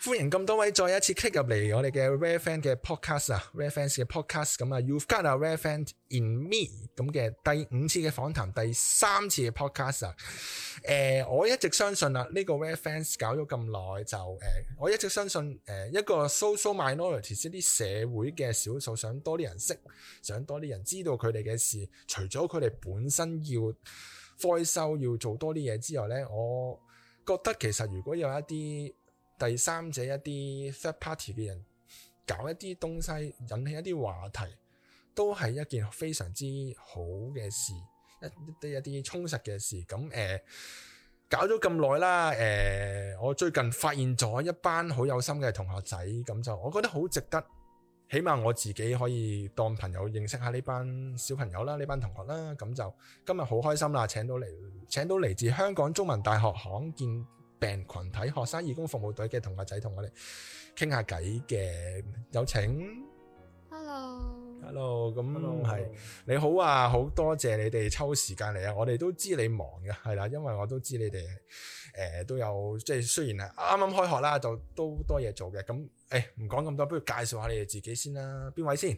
歡迎咁多位再一次 click 入嚟我哋嘅 Rare Friend 嘅 podcast 啊，Rare Friends 嘅 podcast 咁啊，You've got a Rare Friend in me 咁嘅第五次嘅訪談，第三次嘅 podcast 啊。誒、呃，我一直相信啦，呢、這個 Rare Friends 搞咗咁耐就誒、呃，我一直相信誒、呃、一個 social minorities 即啲社會嘅少數，想多啲人識，想多啲人知道佢哋嘅事。除咗佢哋本身要發收要做多啲嘢之外咧，我覺得其實如果有一啲第三者一啲 third party 嘅人搞一啲東西，引起一啲話題，都係一件非常之好嘅事，一啲一啲充實嘅事。咁誒、欸，搞咗咁耐啦。誒、欸，我最近發現咗一班好有心嘅同學仔，咁就我覺得好值得。起碼我自己可以當朋友認識下呢班小朋友啦，呢班同學啦。咁就今日好開心啦，請到嚟，請到嚟自香港中文大學罕見病群體學生義工服務隊嘅同學仔同我哋傾下偈嘅，有請。Hello，hello，咁係你好啊，好多謝你哋抽時間嚟啊，我哋都知你忙嘅，係啦，因為我都知你哋誒、呃、都有即係雖然係啱啱開學啦，就都多嘢做嘅，咁誒唔講咁多，不如介紹下你哋自己先啦，邊位先？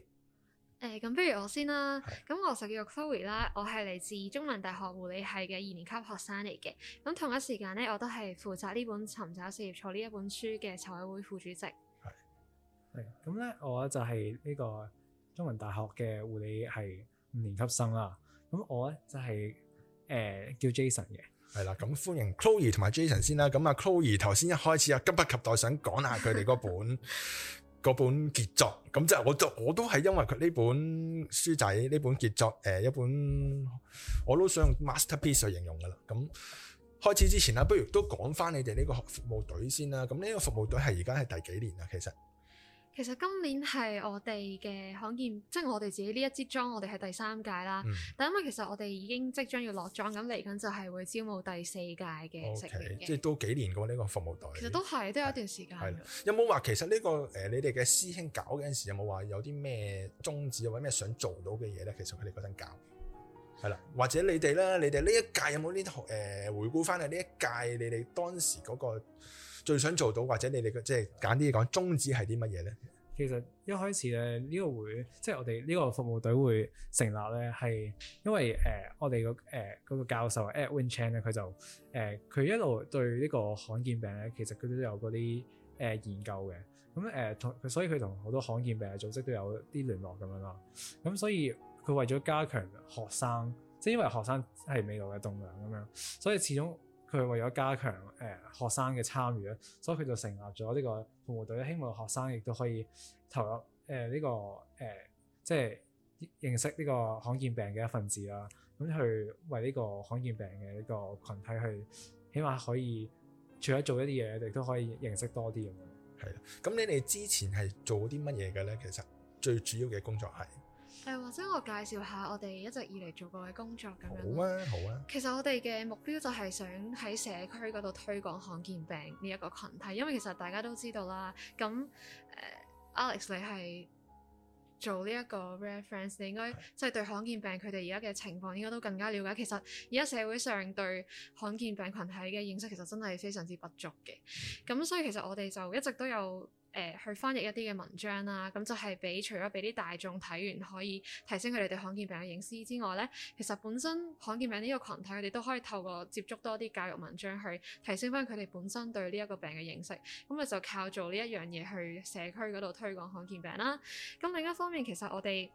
誒，咁、欸、不如我先啦。咁我就叫 Chloe 啦，我係嚟自中文大學護理系嘅二年級學生嚟嘅。咁同一時間咧，我都係負責呢本《尋找事業錯》呢一本書嘅籌委會副主席。係。係。咁咧，我就係呢個中文大學嘅護理系五年級生啦。咁我咧就係、是、誒、呃、叫 Jason 嘅。係啦，咁歡迎 Chloe 同埋 Jason 先啦。咁啊 Chloe 頭先一開始啊，急不及待想講下佢哋嗰本。嗰本傑作，咁即係我都我都係因為佢呢本書仔呢本傑作，誒、呃、一本我都想用 masterpiece 嚟形容㗎喇。咁開始之前啦，不如都講返你哋呢個服務隊先啦。咁呢個服務隊係而家係第幾年啊？其實。其實今年係我哋嘅罕見，即係我哋自己呢一支莊，我哋係第三屆啦。嗯、但因為其實我哋已經即將要落莊，咁嚟緊就係會招募第四屆嘅成員，即係都幾年嘅呢、呢個服務隊。其實都係都有一段時間。係有冇話其實呢、呢個誒、呃、你哋嘅師兄搞嗰陣時，有冇話有啲咩宗旨或者咩想做到嘅嘢咧？其實佢哋嗰陣搞啦，或者你哋啦，你哋呢一屆有冇呢啲回顧翻嚟呢一屆你哋當時嗰、嗰個？最想做到或者你哋嘅即係揀啲嘢講宗旨係啲乜嘢咧？就是、呢其實一開始咧呢個會即係、就是、我哋呢個服務隊會成立咧，係因為誒、呃、我哋、呃那個誒嗰個教授 Edwin Chan 咧，佢就誒佢、呃、一路對個呢個罕見病咧，其實佢都有嗰啲誒研究嘅。咁誒同所以佢同好多罕見病嘅組織都有啲聯絡咁樣咯。咁所以佢為咗加強學生，即係因為學生係未來嘅棟樑咁樣，所以始終。佢係為咗加強誒、呃、學生嘅參與咧，所以佢就成立咗呢個服務隊，希望學生亦都可以投入誒呢、呃呃這個誒、呃，即係認識呢個罕見病嘅一份子啦。咁、嗯、去為呢個罕見病嘅呢個群體去，起碼可以除咗做一啲嘢，你都可以認識多啲咁。係啦，咁你哋之前係做啲乜嘢嘅咧？其實最主要嘅工作係。誒或者我介紹下我哋一直以嚟做過嘅工作咁樣。好啊，好啊。其實我哋嘅目標就係想喺社區嗰度推廣罕見病呢一個群體，因為其實大家都知道啦。咁誒，呃，Alex 你係做呢一個 Rare Friends，你應該即係對罕見病佢哋而家嘅情況應該都更加了解。其實而家社會上對罕見病群體嘅認識其實真係非常之不足嘅。咁，嗯，所以其實我哋就一直都有。誒、呃、去翻譯一啲嘅文章啦、啊，咁就係俾除咗俾啲大眾睇完，可以提升佢哋對罕見病嘅認識之外咧，其實本身罕見病呢個群體佢哋都可以透過接觸多啲教育文章去提升翻佢哋本身對呢一個病嘅認識。咁我哋就靠做呢一樣嘢去社區嗰度推廣罕見病啦、啊。咁另一方面，其實我哋誒、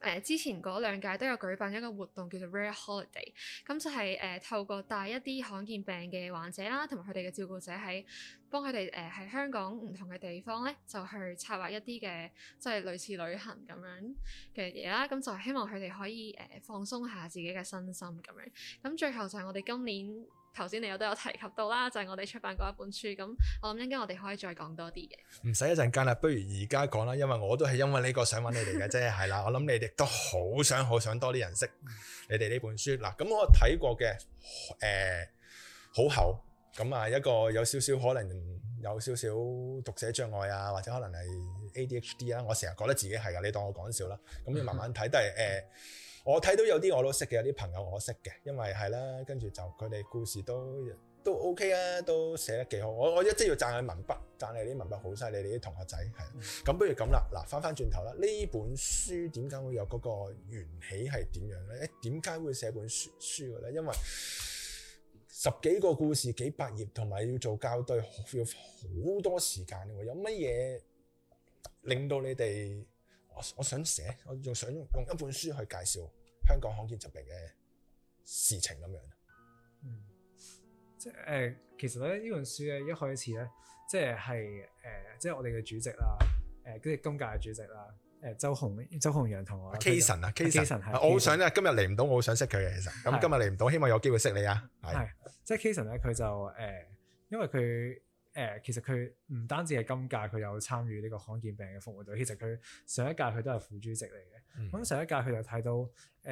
呃、之前嗰兩屆都有舉辦一個活動叫做 Rare Holiday，咁就係、是、誒、呃、透過帶一啲罕見病嘅患者啦，同埋佢哋嘅照顧者喺，幫佢哋誒喺香港唔同嘅地方咧，就去策劃一啲嘅即係類似旅行咁樣嘅嘢啦。咁就希望佢哋可以誒放鬆下自己嘅身心咁樣。咁最後就係我哋今年頭先你我都有提及到啦，就係我哋出版過一本書。咁我諗應該我哋可以再講多啲嘅。唔使一陣間啦，不如而家講啦，因為我都係因為呢個想揾你哋嘅啫，係啦。 我諗你哋都好想好想多啲人認識你哋呢本書嗱。咁我睇過嘅誒好厚。咁啊，一個有少少可能有少少讀寫障礙啊，或者可能係 ADHD 啦。我成日覺得自己係噶，你當我講笑啦。咁你慢慢睇，但係誒、呃，我睇到有啲我都識嘅，有啲朋友我識嘅，因為係啦，跟住就佢哋故事都都 OK 啊，都寫得幾好。我我一直要讚佢文筆，讚你啲文筆好犀利，你啲同學仔係。咁、嗯、不如咁啦，嗱，翻翻轉頭啦，呢本書點解會有嗰個緣起係點樣咧？誒、欸，點解會寫本書書嘅咧？因為十幾個故事幾百頁，同埋要做校對，要好多時間。有乜嘢令到你哋我我想寫，我仲想用一本書去介紹香港罕見疾病嘅事情咁樣？嗯，即係誒、呃，其實咧呢本書嘅一開始咧，即係誒、呃，即係我哋嘅主席啦，誒、呃，即係今屆嘅主席啦。誒周紅、周紅陽同我。Kason 啊，Kason 係，我好想咧，今日嚟唔到，我好想識佢嘅其實。咁今日嚟唔到，希望有機會識你啊。係的，即係 Kason 咧，佢的就誒，因為佢誒，其實佢唔單止係今屆佢有參與呢個罕見病嘅服務組，其實佢上一屆佢都係副主席嚟嘅。咁、嗯、上一屆佢就睇到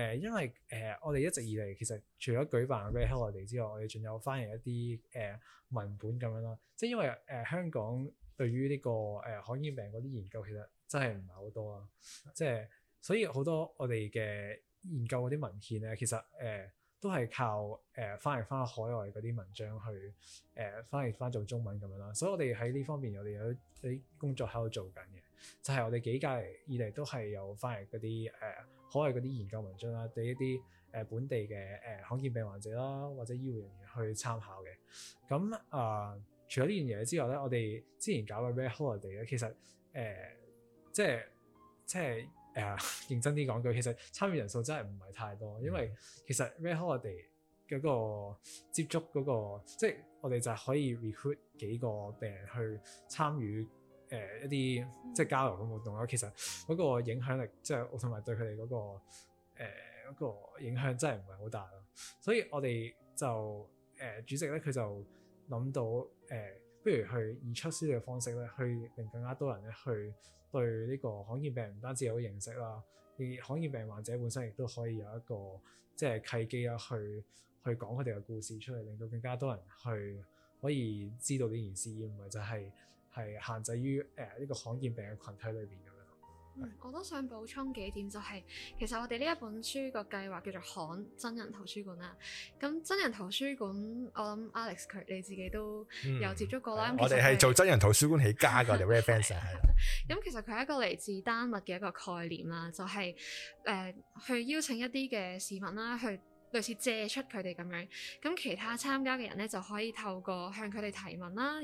誒，因為誒，我哋一直以嚟，其實除咗舉辦嘅喺我 y 之外，我哋仲有翻嚟一啲誒文本咁樣啦。即係因為誒香港對於呢個誒罕見病嗰啲研究其實。真係唔係好多啊！即係所以好多我哋嘅研究嗰啲文獻咧，其實誒、呃、都係靠誒、呃、翻譯翻海外嗰啲文章去誒、呃、翻譯翻做中文咁樣啦。所以我哋喺呢方面我哋有啲工作喺度做緊嘅，就係、是、我哋幾屆以嚟都係有翻譯嗰啲誒海外嗰啲研究文章啦，對一啲誒、呃、本地嘅誒罕見病患者啦或者醫護人員去參考嘅。咁啊、呃，除咗呢樣嘢之外咧，我哋之前搞嘅 Red Holiday 咧，其實誒。呃即係即係誒、呃，認真啲講句，其實參與人數真係唔係太多，因為其實咩可我哋嗰個接觸嗰、那個，即係我哋就係可以 recruit 幾個病人去參與誒、呃、一啲即係交流嘅活動咯。其實嗰個影響力即係我同埋對佢哋嗰個誒、呃那個、影響真係唔係好大咯。所以我哋就誒、呃、主席咧，佢就諗到誒、呃，不如去以出書嘅方式咧，去令更加多人咧去，對呢個罕見病唔單止有認識啦，而罕見病患者本身亦都可以有一個即係契機啊，去去講佢哋嘅故事出嚟，令到更加多人去可以知道呢件事，而唔係就係、是、係限制於誒呢、呃、這個罕見病嘅羣體裏邊。嗯，我都想補充幾點，就係、是、其實我哋呢一本書個計劃叫做《罕真人圖書館》啦。咁真人圖書館，我諗 Alex 佢你自己都有接觸過啦、嗯嗯。我哋係做真人圖書館起家噶， 我哋 Rare Friend 咁其實佢係一個嚟自丹麥嘅一個概念啦，就係、是、誒、呃、去邀請一啲嘅市民啦去。類似借出佢哋咁樣，咁其他參加嘅人咧就可以透過向佢哋提問啦，而了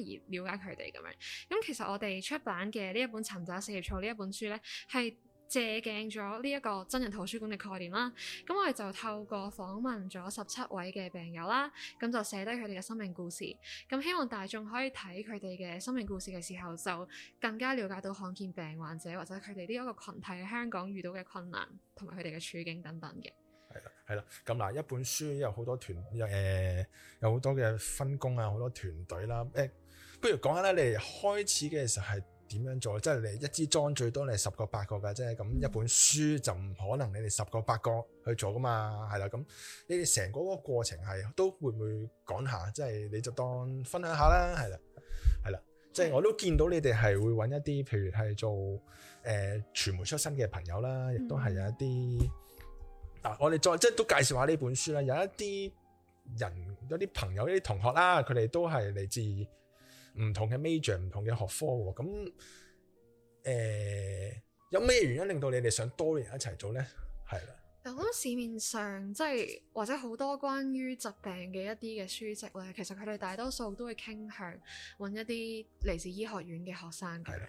解佢哋咁樣。咁其實我哋出版嘅呢一本《尋找四葉草》呢一本書咧，係借鏡咗呢一個真人圖書館嘅概念啦。咁我哋就透過訪問咗十七位嘅病友啦，咁就寫低佢哋嘅生命故事。咁希望大眾可以睇佢哋嘅生命故事嘅時候，就更加了解到罕見病患者或者佢哋呢一個群體喺香港遇到嘅困難同埋佢哋嘅處境等等嘅。係啦，係啦，咁嗱，一本書有好多團、呃，有誒，有好多嘅分工啊，好多團隊啦。誒、呃，不如講下咧，你哋開始嘅時候係點樣做？即係你一支莊最多，你十個八個即啫。咁一本書就唔可能你哋十個八個去做噶嘛。係啦，咁你哋成嗰個過程係都會唔會講下？即係你就當分享下啦。係啦，係啦，即係我都見到你哋係會搵一啲，譬如係做誒傳媒出身嘅朋友啦，亦都係有一啲。嗱、啊，我哋再即係都介紹下呢本書啦。有一啲人、有啲朋友、有啲同學啦，佢哋都係嚟自唔同嘅 major、唔同嘅學科喎。咁誒、呃，有咩原因令到你哋想多人一齊做咧？係啦。好多市面上即係或者好多關於疾病嘅一啲嘅書籍咧，其實佢哋大多數都會傾向揾一啲嚟自醫學院嘅學生。係啦，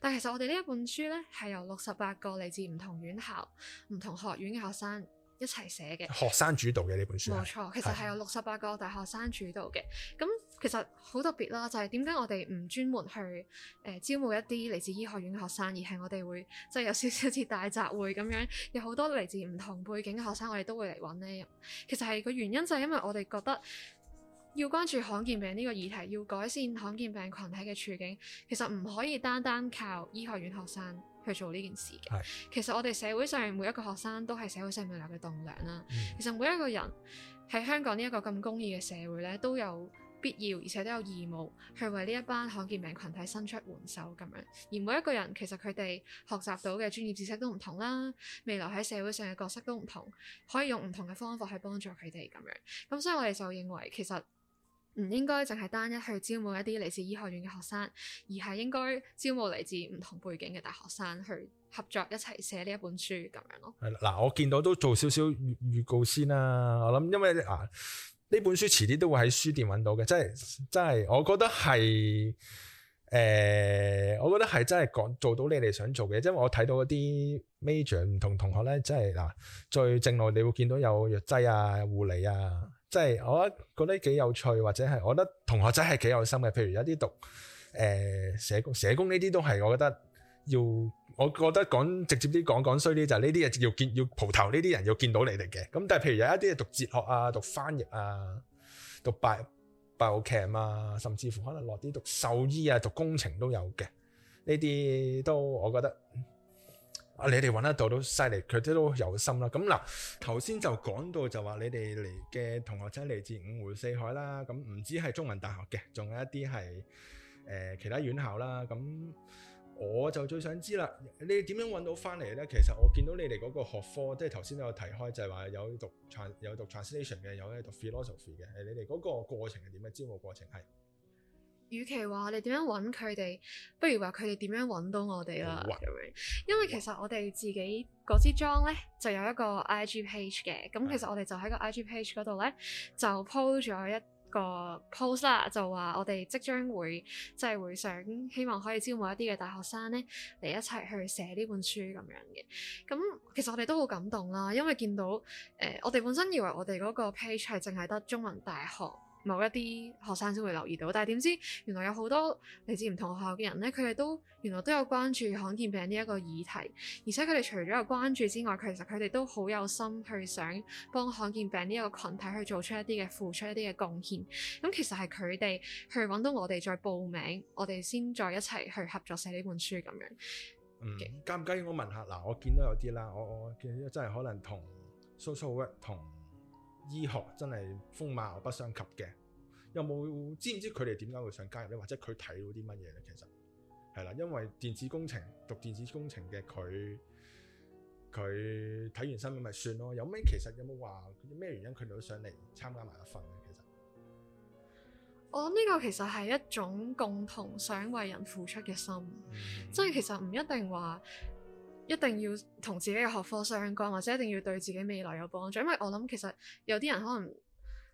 但其實我哋呢一本書呢，係由六十八個嚟自唔同院校、唔同學院嘅學生一齊寫嘅。學生主導嘅呢本書。冇錯，其實係由六十八個大學生主導嘅。咁的。其實好特別啦，就係點解我哋唔專門去誒、呃、招募一啲嚟自醫學院嘅學生，而係我哋會即係、就是、有少少似大集會咁樣，有好多嚟自唔同背景嘅學生，我哋都會嚟搵呢，其實係個原因就係因為我哋覺得要關注罕見病呢個議題，要改善罕見病群體嘅處境，其實唔可以單單靠醫學院學生去做呢件事嘅。是其實我哋社會上每一個學生都係社會上未來嘅棟樑啦。嗯、其實每一個人喺香港呢一個咁公義嘅社會呢，都有必要而且都有義務去為呢一班罕見病群體伸出援手。咁樣，而每一個人其實，佢哋學習到嘅專業知識都唔同啦，未來喺社會上嘅角色都唔同，可以用唔同嘅方法去幫助佢哋咁樣，咁所以我哋就認為其實唔應該淨係單一去招募一啲嚟自醫學院嘅學生，而係應該招募嚟自唔同背景嘅大學生去合作一齊寫呢一本書，咁樣咯。係啦，嗱，我見到都做少少預預告先啦、啊。我諗因為。啊。呢本書遲啲都會喺書店揾到嘅，即係即係，我覺得係，誒、呃，我覺得係真係講做到你哋想做嘅，因為我睇到嗰啲 major 唔同同學咧，即係嗱，最正路你會見到有藥劑啊、護理啊，即係我覺得幾有趣，或者係我覺得同學仔係幾有心嘅，譬如有啲讀誒、呃、社工，社工呢啲都係我覺得要。我覺得講直接啲，講講衰啲就係呢啲嘢要見要蒲頭，呢啲人要見到你哋嘅。咁但係譬如有一啲係讀哲學啊、讀翻譯啊、讀百百樂劇啊，甚至乎可能落啲讀獸醫啊、讀工程都有嘅。呢啲都我覺得啊，你哋搵得到都犀利，佢哋都都有心啦、啊。咁、啊、嗱，頭先就講到就話你哋嚟嘅同學仔嚟自五湖四海啦，咁、嗯、唔知係中文大學嘅，仲有一啲係誒其他院校啦，咁、嗯。我就最想知啦，你哋點樣揾到翻嚟咧？其實我見到你哋嗰個學科，即係頭先有提開就有，就係話有讀 trans 有讀 translation 嘅，有咧讀 philosophy 嘅。誒，你哋嗰個過程係點嘅？招募過程係，與其話你點樣揾佢哋，不如話佢哋點樣揾到我哋啦、嗯、因為其實我哋自己嗰支莊咧，就有一個 IG page 嘅。咁其實我哋就喺個 IG page 嗰度咧，就 post 咗一個 post 啦，就話我哋即將會，即係會想希望可以招募一啲嘅大學生咧嚟一齊去寫呢本書咁樣嘅。咁其實我哋都好感動啦，因為見到誒、呃、我哋本身以為我哋個 page 係淨係得中文大學。某一啲學生先會留意到，但係點知原來有好多嚟自唔同學校嘅人咧，佢哋都原來都有關注罕見病呢一個議題，而且佢哋除咗有關注之外，其實佢哋都好有心去想幫罕見病呢一個群體去做出一啲嘅付出、一啲嘅貢獻。咁其實係佢哋去揾到我哋再報名，我哋先再一齊去合作寫呢本書咁樣。嗯，介唔 Okay. 介意我問下嗱？我見到有啲啦，我我見到真係可能同 social work 同。醫學真係風馬牛不相及嘅，有冇知唔知佢哋點解會想加入咧？或者佢睇到啲乜嘢咧？其實係啦，因為電子工程讀電子工程嘅佢，佢睇完新聞咪算咯。有咩其實有冇話咩原因佢哋都想嚟參加埋一份。其實我諗呢個其實係一種共同想為人付出嘅心，即係、嗯、其實唔一定話，一定要同自己嘅學科相關，或者一定要對自己未來有幫助，因為我諗其實有啲人可能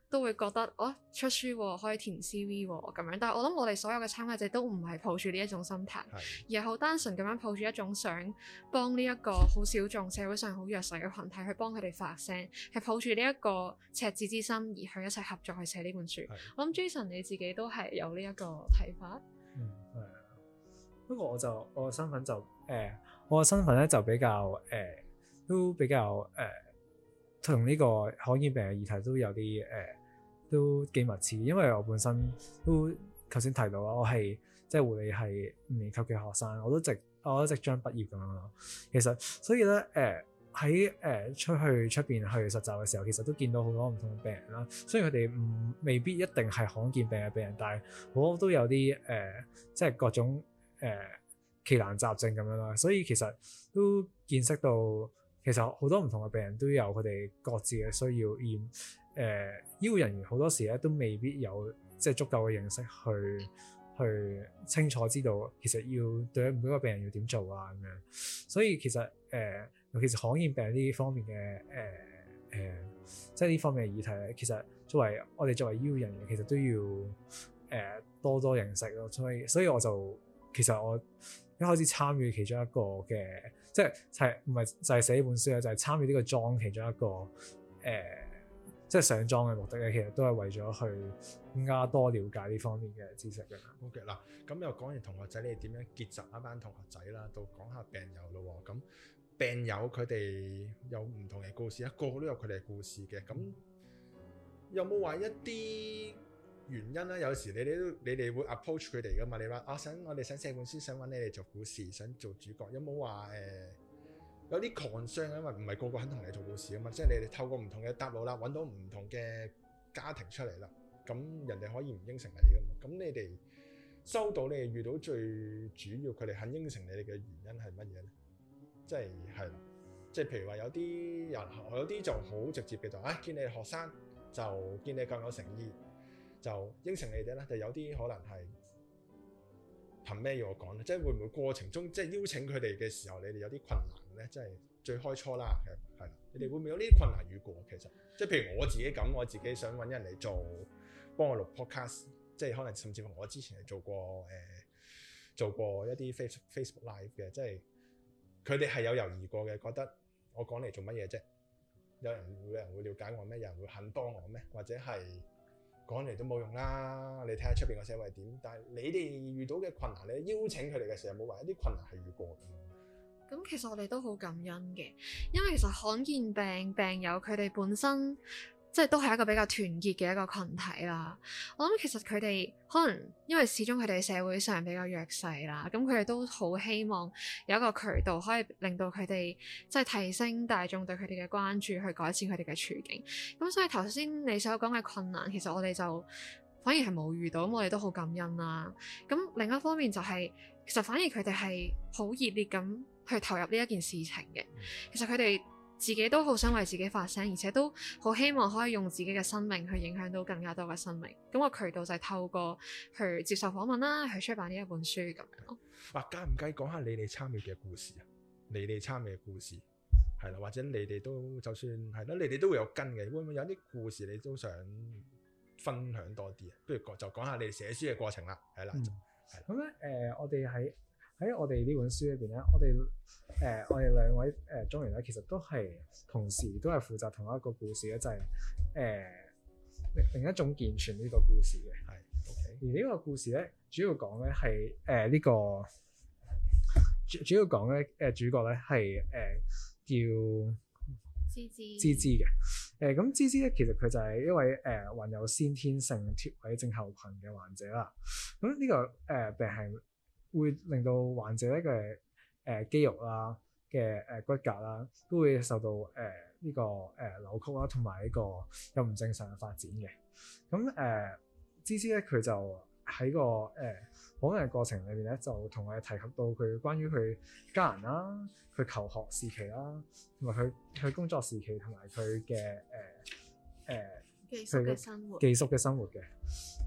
都會覺得，我、哦、出書可以填 C.V. 咁樣，但係我諗我哋所有嘅參加者都唔係抱住呢一種心態，的而係好單純咁樣抱住一種想幫呢一個好小眾社會上好弱勢嘅群體去幫佢哋發聲，係抱住呢一個赤子之心而去一齊合作去寫呢本書。的我諗 Jason 你自己都係有呢一個睇法，不過、嗯、我就我嘅身份就誒。呃我個身份咧就比較誒、呃，都比較誒，同、呃、呢個罕見病嘅議題都有啲誒、呃，都幾密切。因為我本身都頭先提到啦，我係即係護理系五年級嘅學生，我都直我都即將畢業咁樣咯。其實所以咧誒，喺、呃、誒、呃、出去出邊去實習嘅時候，其實都見到好多唔同嘅病人啦。雖然佢哋唔未必一定係罕見病嘅病人，但係我都有啲誒、呃，即係各種誒。呃奇難雜症咁樣啦，所以其實都見識到，其實好多唔同嘅病人都有佢哋各自嘅需要，而、呃、誒醫護人員好多時咧都未必有即係足夠嘅認識去去清楚知道，其實要對每一個病人要點做啊咁樣。所以其實誒、呃，尤其是罕見病呢方面嘅誒誒，即係呢方面嘅議題咧，其實作為我哋作為醫護人員，其實都要誒、呃、多多認識咯。所以所以我就其實我。一開始參與其中一個嘅，即係係唔係就係寫呢本書啊？就係、是、參與呢個莊其中一個誒、呃，即係上莊嘅目的咧，其實都係為咗去更加多了解呢方面嘅知識嘅。OK 啦，咁又講完同學仔，你哋點樣結集一班同學仔啦？到講下病友咯喎，咁病友佢哋有唔同嘅故事，個個都有佢哋嘅故事嘅。咁有冇話一啲？原因啦、啊，有時你哋都你哋會 approach 佢哋噶嘛？你話啊，想我哋想寫本書，想揾你哋做故事，想做主角，有冇話誒？有啲 concern，因為唔係個個肯同你做故事噶嘛，即係你哋透過唔同嘅道路啦，揾到唔同嘅家庭出嚟啦，咁人哋可以唔應承你噶嘛？咁你哋收到你哋遇到最主要佢哋肯應承你哋嘅原因係乜嘢咧？即係係即係譬如話有啲人有啲就好直接嘅，就啊見你學生就見你更有誠意。就應承你哋啦，就有啲可能係憑咩要我講咧？即係會唔會過程中，即係邀請佢哋嘅時候，你哋有啲困難咧？即係最開初啦，係喇，你哋會唔會有啲困難與過？其實即係譬如我自己咁，我自己想搵人嚟做，幫我錄 podcast，即係可能甚至乎我之前係做過誒、呃、做過一啲 Facebook Facebook Live 嘅，即係佢哋係有猶豫過嘅，覺得我講嚟做乜嘢啫？有人會有人會了解我咩？有人會肯幫我咩？或者係？講嚟都冇用啦，你睇下出面個社會點。但係你哋遇到嘅困難，你邀請佢哋嘅時候，冇話一啲困難係遇過嘅。咁其實我哋都好感恩嘅，因為其實罕見病病友佢哋本身。即係都係一個比較團結嘅一個群體啦。我諗其實佢哋可能因為始終佢哋社會上比較弱勢啦，咁佢哋都好希望有一個渠道可以令到佢哋即係提升大眾對佢哋嘅關注，去改善佢哋嘅處境。咁所以頭先你所講嘅困難，其實我哋就反而係冇遇到，我哋都好感恩啦。咁另一方面就係，其實反而佢哋係好熱烈咁去投入呢一件事情嘅。其實佢哋。自己都好想為自己發聲，而且都好希望可以用自己嘅生命去影響到更加多嘅生命。咁個渠道就係透過去接受訪問啦，去出版呢一本書咁樣。啊，介唔介意講下你哋參與嘅故事啊？你哋參與嘅故事係啦，或者你哋都就算係啦，你哋都會有跟嘅。會唔會有啲故事你都想分享多啲啊？不如就講下你哋寫書嘅過程啦。係啦，咁咧、嗯，誒、呃，我哋喺。喺我哋呢本書裏邊咧，我哋誒、呃、我哋兩位誒撰員咧，其實都係同時都係負責同一個故事咧，就係、是、誒、呃、另一種健全呢個故事嘅。係，OK。而呢個故事咧，主要講咧係誒呢個主主要講咧誒主角咧係誒叫芝芝芝芝嘅。誒咁芝芝咧，其實佢就係一位誒、呃、患有先天性脫位症候群嘅患者啦。咁呢、這個誒、呃、病係～會令到患者咧嘅誒肌肉啦嘅誒骨骼啦、啊，都會受到誒呢、呃這個誒、呃、扭曲啦、啊，同埋呢個有唔正常嘅發展嘅。咁誒、呃、芝芝咧，佢就喺、這個誒訪問嘅過程裏邊咧，就同我哋提及到佢關於佢家人啦、啊、佢求學時期啦、啊，同埋佢佢工作時期同埋佢嘅誒誒。呃呃寄宿嘅生活，寄宿嘅生活嘅。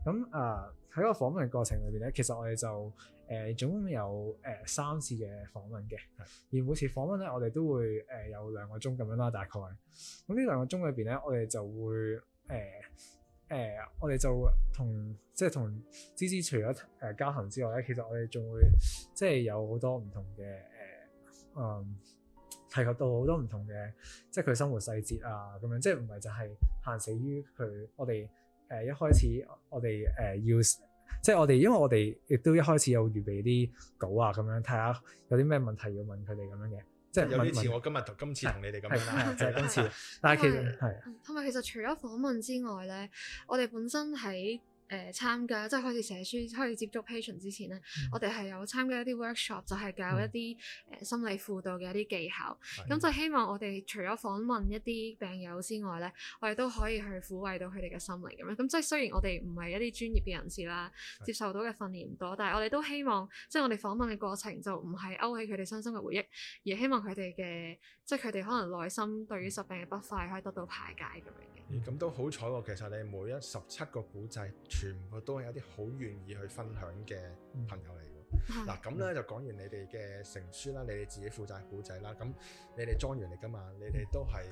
咁啊，喺、呃、個訪問過程裏邊咧，其實我哋就誒、呃、總共有誒、呃、三次嘅訪問嘅。而每次訪問咧，我哋都會誒、呃、有兩個鐘咁樣啦，大概。咁呢兩個鐘裏邊咧，我哋就會誒誒、呃呃，我哋就同即係同芝芝除咗誒交談之外咧，其實我哋仲會即係、就是、有好多唔同嘅誒、呃、嗯。提及到好多唔同嘅，即係佢生活細節啊，咁樣，即係唔係就係限死於佢。我哋誒、呃、一開始我，我哋誒要，即係我哋因為我哋亦都一開始有預備啲稿啊，咁樣睇下有啲咩問題要問佢哋咁樣嘅，即係有啲似我今日同今次同你哋咁樣，樣的，就係今次。的但係其實，係為，同埋的其實除咗訪問之外咧，我哋本身喺。誒參加即係開始寫書、開始接觸 patient 之前咧，嗯、我哋係有參加一啲 workshop，就係教一啲誒心理輔導嘅一啲技巧。咁、嗯、就希望我哋除咗訪問一啲病友之外咧，我哋都可以去撫慰到佢哋嘅心靈咁樣。咁即係雖然我哋唔係一啲專業嘅人士啦，接受到嘅訓練唔多，但係我哋都希望即係我哋訪問嘅過程就唔係勾起佢哋身心嘅回憶，而希望佢哋嘅即係佢哋可能內心對於疾病嘅不快可以得到排解咁、嗯嗯、樣嘅。咁都好彩喎，其實你每一十七個古仔，全部都係有啲好願意去分享嘅朋友嚟㗎。嗱、嗯，咁咧、啊嗯、就講完你哋嘅成書啦，你哋自己負責古仔啦。咁你哋莊員嚟㗎嘛，你哋都係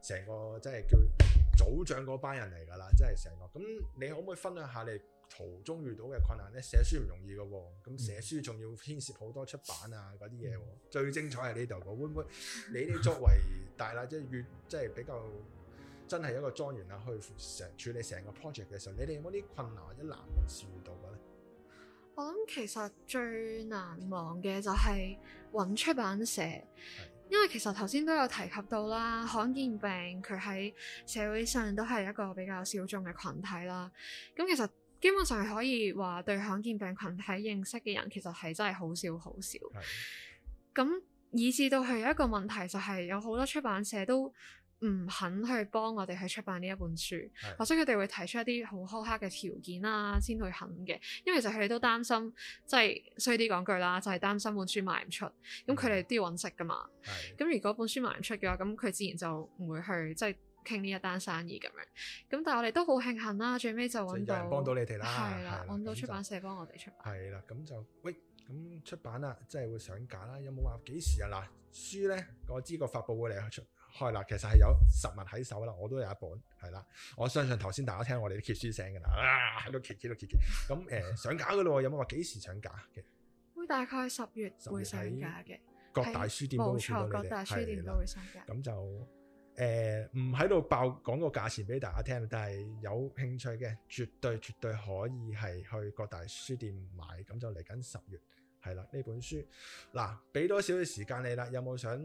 誒成個即係叫組長嗰班人嚟㗎啦，即係成個。咁你可唔可以分享下你途中遇到嘅困難咧？寫書唔容易嘅喎，咁寫書仲要牽涉好多出版啊嗰啲嘢喎。嗯、最精彩係呢度喎，會唔會你哋作為大喇即係越即係比較？真係一個莊園啦，去成處理成個 project 嘅時候，你哋有冇啲困難或者難處遇到嘅咧？我諗其實最難忘嘅就係揾出版社，是的 因為其實頭先都有提及到啦，罕見病佢喺社會上都係一個比較小眾嘅群體啦。咁其實基本上可以話對罕見病群體認識嘅人，其實係真係好少好少。咁是的 以至到係有一個問題，就係有好多出版社都唔肯去幫我哋去出版呢一本書，是的 或者佢哋會提出一啲好苛刻嘅條件啦、啊，先去肯嘅。因為其實佢哋都擔心，即係衰啲講句啦，就係、是、擔心本書賣唔出。咁佢哋都要揾食噶嘛。咁是的 如果本書賣唔出嘅話，咁佢自然就唔會去即係傾呢一單生意咁樣。咁但係我哋都好慶幸啦，最尾就揾到就有人幫到你哋啦，揾了的到出版社幫我哋出版。係啦、嗯，咁就喂咁出版啦，即係會上架啦。有冇話幾時啊？嗱書咧，我知個發布會嚟出。係啦，其實係有實物喺手啦，我都有一本，係啦。我相信頭先大家聽我哋啲揭書聲嘅啦，喺度揭揭，喺度揭揭。咁誒，上、嗯呃、架嘅啦，有冇話幾時想架嘅？會大概月會十月會上架嘅，各大書店是冇錯，各大書店都會上架。咁就誒，唔喺度爆講個價錢俾大家聽。但係有興趣嘅，絕對絕對可以係去各大書店買。咁就嚟緊十月係啦，呢本書嗱，俾、嗯嗯嗯嗯、多少少時間你啦，有冇想？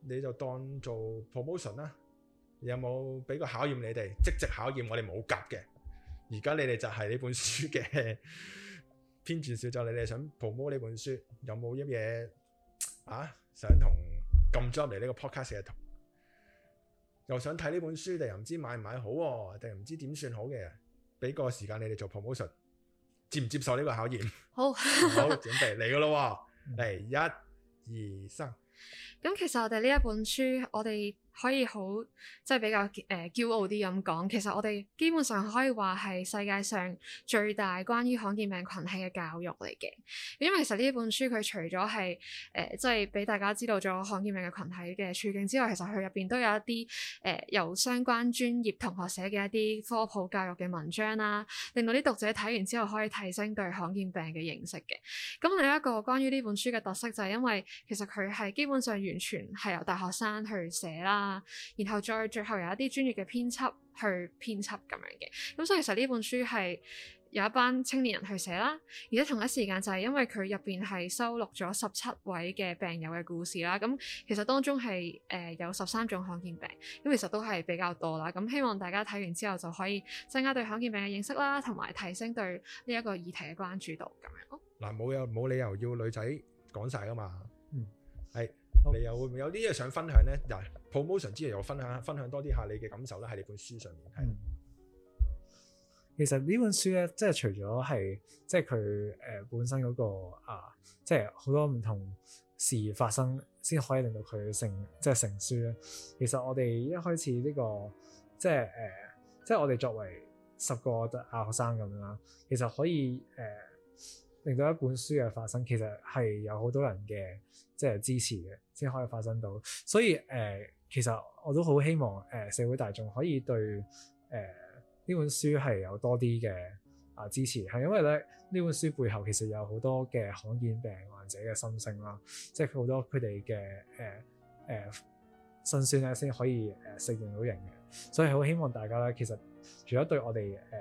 你就當做 promotion 啦，有冇俾個考驗你哋？即即考驗我哋冇夾嘅，而家你哋就係呢本書嘅編撰小組，你哋想 promote 呢本書，有冇一嘢啊？想同撳 join 嚟呢個 podcast，嘅又想睇呢本書，定又唔知買唔買好、啊，定唔知點算好嘅？俾個時間你哋做 promotion，接唔接受呢個考驗？好， 好，準備嚟噶咯，嚟一二三。咁其實我哋呢一本書，我哋。可以好即係比較誒、呃、驕傲啲咁講。其實我哋基本上可以話係世界上最大關於罕見病群體嘅教育嚟嘅。因為其實呢本書佢除咗係誒即係俾大家知道咗罕見病嘅群體嘅處境之外，其實佢入邊都有一啲誒、呃、由相關專業同學寫嘅一啲科普教育嘅文章啦，啊，令到啲讀者睇完之後可以提升對罕見病嘅認識嘅。咁另一個關於呢本書嘅特色就係因為其實佢係基本上完全係由大學生去寫啦。然後再最後有一啲專業嘅編輯去編輯咁樣嘅。咁所以其實呢本書係有一班青年人去寫啦，而且同一時間就係因為佢入邊係收錄咗十七位嘅病友嘅故事啦，咁其實當中係誒、呃、有十三種罕見病，咁其實都係比較多啦，咁希望大家睇完之後就可以增加對罕見病嘅認識啦，同埋提升對呢一個議題嘅關注度咁樣。嗱，冇有冇理由要女仔講晒噶嘛？Okay. 你又會唔會有啲嘢想分享咧？嗱、uh,，promotion 之前又分享，分享多啲下你嘅感受啦，喺你本書上面。係、嗯，其實呢本書咧，即係除咗係即係佢誒本身嗰、嗰個啊，即係好多唔同事發生先可以令到佢成即係成書咧。其實我哋一開始呢、呢個即係誒，即係、呃、我哋作為十個啊學生咁樣啦，其實可以誒、呃、令到一本書嘅發生，其實係有好多人嘅即係支持嘅。先可以發生到，所以誒、呃，其實我都好希望誒、呃、社會大眾可以對誒呢、呃、本書係有多啲嘅啊支持，係因為咧呢本書背後其實有好多嘅罕見病患者嘅心聲啦，即係好多佢哋嘅誒誒辛酸咧先可以誒呈現到型嘅，所以好希望大家咧，其實除咗對我哋誒、呃、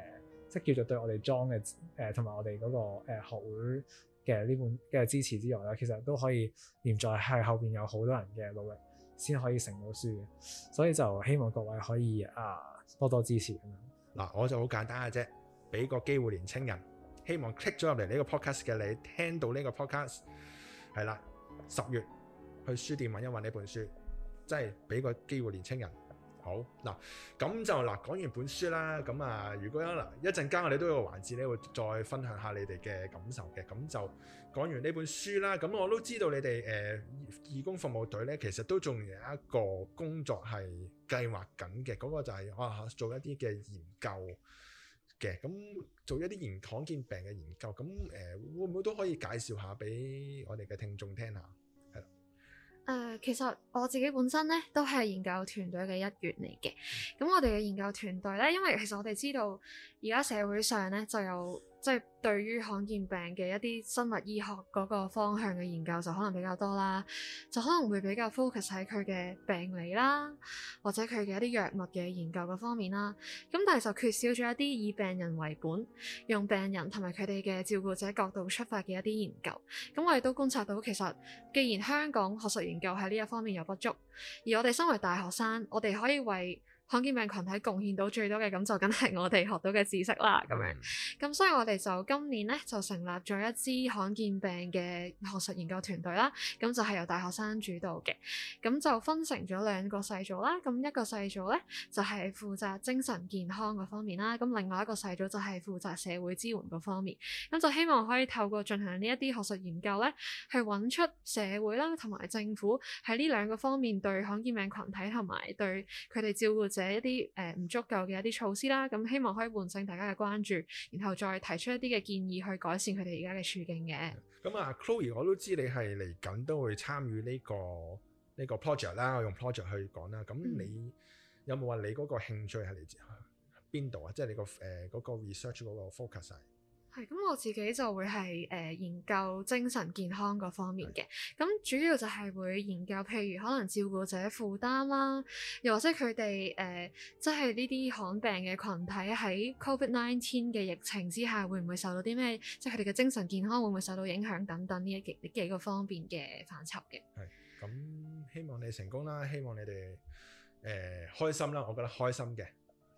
即係叫做對我哋莊嘅誒同埋我哋嗰、那個誒、呃、學會。嘅呢本嘅支持之外咧，其實都可以連在係後邊有好多人嘅努力先可以成到書嘅，所以就希望各位可以啊多多支持。嗱，我就好簡單嘅啫，俾個機會年青人，希望 click 咗入嚟呢個 podcast 嘅你聽到呢個 podcast，係啦，十月去書店揾一揾呢本書，即係俾個機會年青人。好嗱，咁就嗱，講完本書啦，咁啊，如果有嗱一陣間我哋都有個環節咧，會再分享下你哋嘅感受嘅。咁就講完呢本書啦，咁我都知道你哋誒、呃、義工服務隊咧，其實都仲有一個工作係計劃緊嘅，嗰、那個就係、是、啊做一啲嘅研究嘅，咁做一啲研罕見病嘅研究，咁誒、呃、會唔會都可以介紹下俾我哋嘅聽眾聽下？誒，uh, 其實我自己本身呢都係研究團隊嘅一員嚟嘅。咁我哋嘅研究團隊呢，因為其實我哋知道而家社會上呢就有。即係對於罕見病嘅一啲生物醫學嗰個方向嘅研究就可能比較多啦，就可能會比較 focus 喺佢嘅病理啦，或者佢嘅一啲藥物嘅研究嗰方面啦。咁但係就缺少咗一啲以病人為本，用病人同埋佢哋嘅照顧者角度出發嘅一啲研究。咁我哋都觀察到，其實既然香港學術研究喺呢一方面有不足，而我哋身為大學生，我哋可以為罕見病群體貢獻到最多嘅，咁就梗係我哋學到嘅知識啦咁樣，咁 Yeah. 所以我哋就今年咧就成立咗一支罕見病嘅學術研究團隊啦，咁就係由大學生主導嘅，咁就分成咗兩個細組啦，咁一個細組咧就係、是、負責精神健康嗰方面啦，咁另外一個細組就係負責社會支援嗰方面，咁就希望可以透過進行呢一啲學術研究咧，去揾出社會啦同埋政府喺呢兩個方面對罕見病群體同埋對佢哋照顧。或者一啲誒唔足夠嘅一啲措施啦，咁希望可以喚醒大家嘅關注，然後再提出一啲嘅建議去改善佢哋而家嘅處境嘅。咁啊、嗯、Chloe 我都知你係嚟緊都會參與呢個呢個 project 啦，我用 project 去講啦。咁你有冇話你嗰個興趣係嚟自邊度啊？即係、嗯、你、呃嗰個誒嗰個 research 嗰個 focus。係咁，我自己就會係誒、呃、研究精神健康嗰方面嘅，咁對主要就係會研究譬如可能照顧者負擔啦，又或者佢哋誒即係呢啲罕病嘅群體喺 Covid nineteen 嘅疫情之下，會唔會受到啲咩，即係佢哋嘅精神健康會唔會受到影響等等呢一幾幾個方面嘅範疇嘅。係，咁，希望你成功啦，希望你哋誒、呃、開心啦，我覺得開心嘅。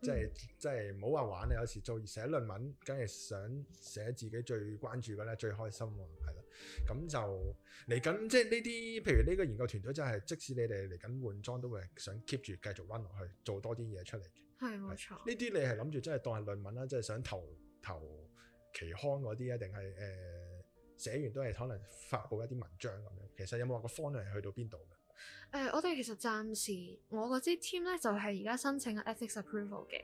即係即係冇話玩，你有時做寫論文，梗係想寫自己最關注嘅咧，最開心喎，係咯。咁就嚟緊，即係呢啲，譬如呢個研究團隊，真係即使你哋嚟緊換裝，都會想 keep 住繼續 run 落去，做多啲嘢出嚟。係冇的的錯。呢啲你係諗住真係當係論文啦，即係想投投期刊嗰啲啊，定係誒寫完都係可能發布一啲文章咁樣。其實有冇話個方向係去到邊度？誒、呃，我哋其實暫時我嗰支 team 咧就係而家申請個 ethics approval 嘅，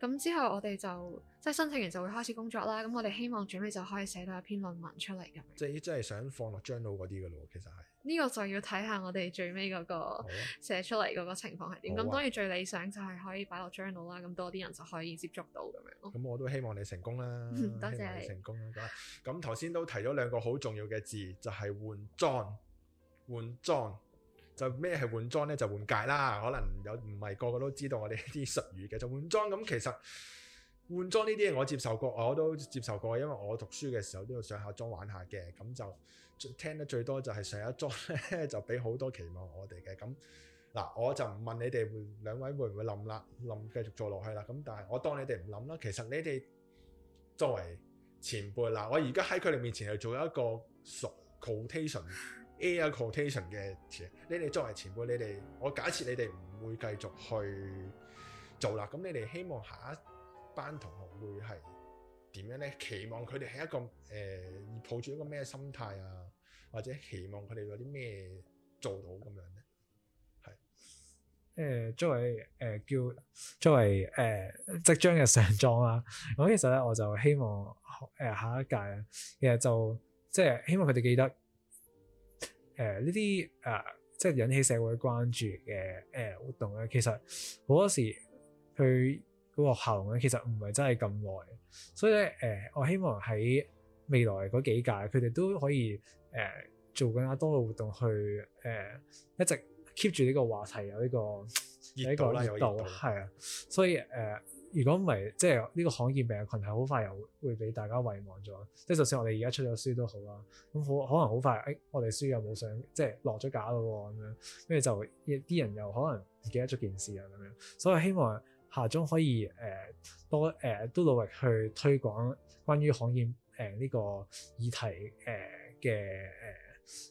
咁、嗯、之後我哋就即係申請完就會開始工作啦。咁我哋希望最尾就可以寫到一篇論文出嚟嘅。即係即係想放落 journal 嗰啲嘅咯，其實係呢個就要睇下我哋最尾嗰個寫出嚟嗰個情況係點？咁、啊、當然最理想就係可以擺落 journal 啦，咁多啲人就可以接觸到咁樣咯。咁我都希望你成功啦，嗯、多謝你，希望你成功啦。咁頭先都提咗兩個好重要嘅字，就係換裝，換裝。就咩係換莊呢？就換屆啦。可能有唔係個個都知道我哋呢啲術語嘅。就換莊咁，其實換莊呢啲嘢我接受過，我都接受過。因為我讀書嘅時候都要上下莊玩下嘅。咁就聽得最多就係上一莊呢，就俾好多期望我哋嘅。咁嗱，我就唔問你哋兩位會唔會諗啦，諗繼續做落去啦。咁但係我當你哋唔諗啦。其實你哋作為前輩嗱，我而家喺佢哋面前係做一個 salutation A i r q u o t a t i o n 嘅嘢，你哋作為前輩，你哋我假設你哋唔會繼續去做啦，咁你哋希望下一班同學會係點樣咧？期望佢哋係一個誒、呃，抱住一個咩心態啊，或者期望佢哋有啲咩做到咁樣咧？係誒、呃，作為誒、呃、叫作為誒、呃、即將嘅上莊啦，我其實咧我就希望誒、呃、下一屆啊，其實就即係、就是、希望佢哋記得。誒呢啲誒即係引起社會關注嘅誒、呃、活動咧，其實好多時佢個效用咧，其實唔係真係咁耐，所以咧誒、呃，我希望喺未來嗰幾屆，佢哋都可以誒、呃、做更加多嘅活動去誒、呃、一直 keep 住呢個話題有呢、這個熱度啦，熱度係啊的，所以誒、呃如果唔係，即係呢個罕見病嘅群體好快又會俾大家遺忘咗。即係就算我哋而家出咗書都好啦，咁可可能好快，誒、哎、我哋書又冇想即係落咗架咯喎咁樣，跟住就啲人又可能唔記得咗件事啊咁樣。所以我希望下中可以誒、呃、多誒、呃、都努力去推廣關於罕見誒呢個議題誒嘅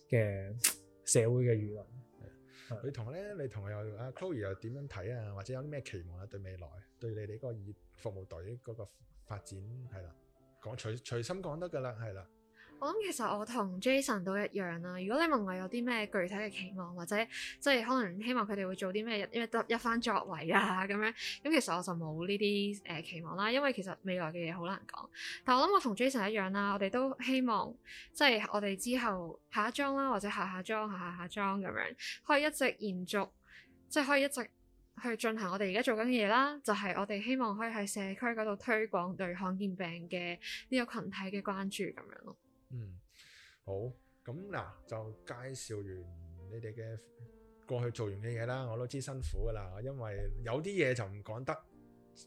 誒嘅社會嘅輿論。你同咧，你同又阿 Chloe 又點樣睇啊？或者有啲咩期望啊？對未來，對你哋嗰個服務隊嗰個發展係啦，講隨隨心講得㗎喇，係啦。我諗其實我同 Jason 都一樣啦。如果你問我有啲咩具體嘅期望，或者即係可能希望佢哋會做啲咩一一得一番作為啊咁樣，咁其實我就冇呢啲誒期望啦。因為其實未來嘅嘢好難講。但我諗我同 Jason 一樣啦，我哋都希望即係我哋之後下一莊啦，或者下下莊、下下下莊咁樣，可以一直延續，即係可以一直去進行我哋而家做緊嘅嘢啦。就係我哋希望可以喺社區嗰度推廣對罕見病嘅呢個群體嘅關注咁樣咯。嗯，好，咁嗱就介紹完你哋嘅過去做完嘅嘢啦，我都知辛苦噶啦，因為有啲嘢就唔講得，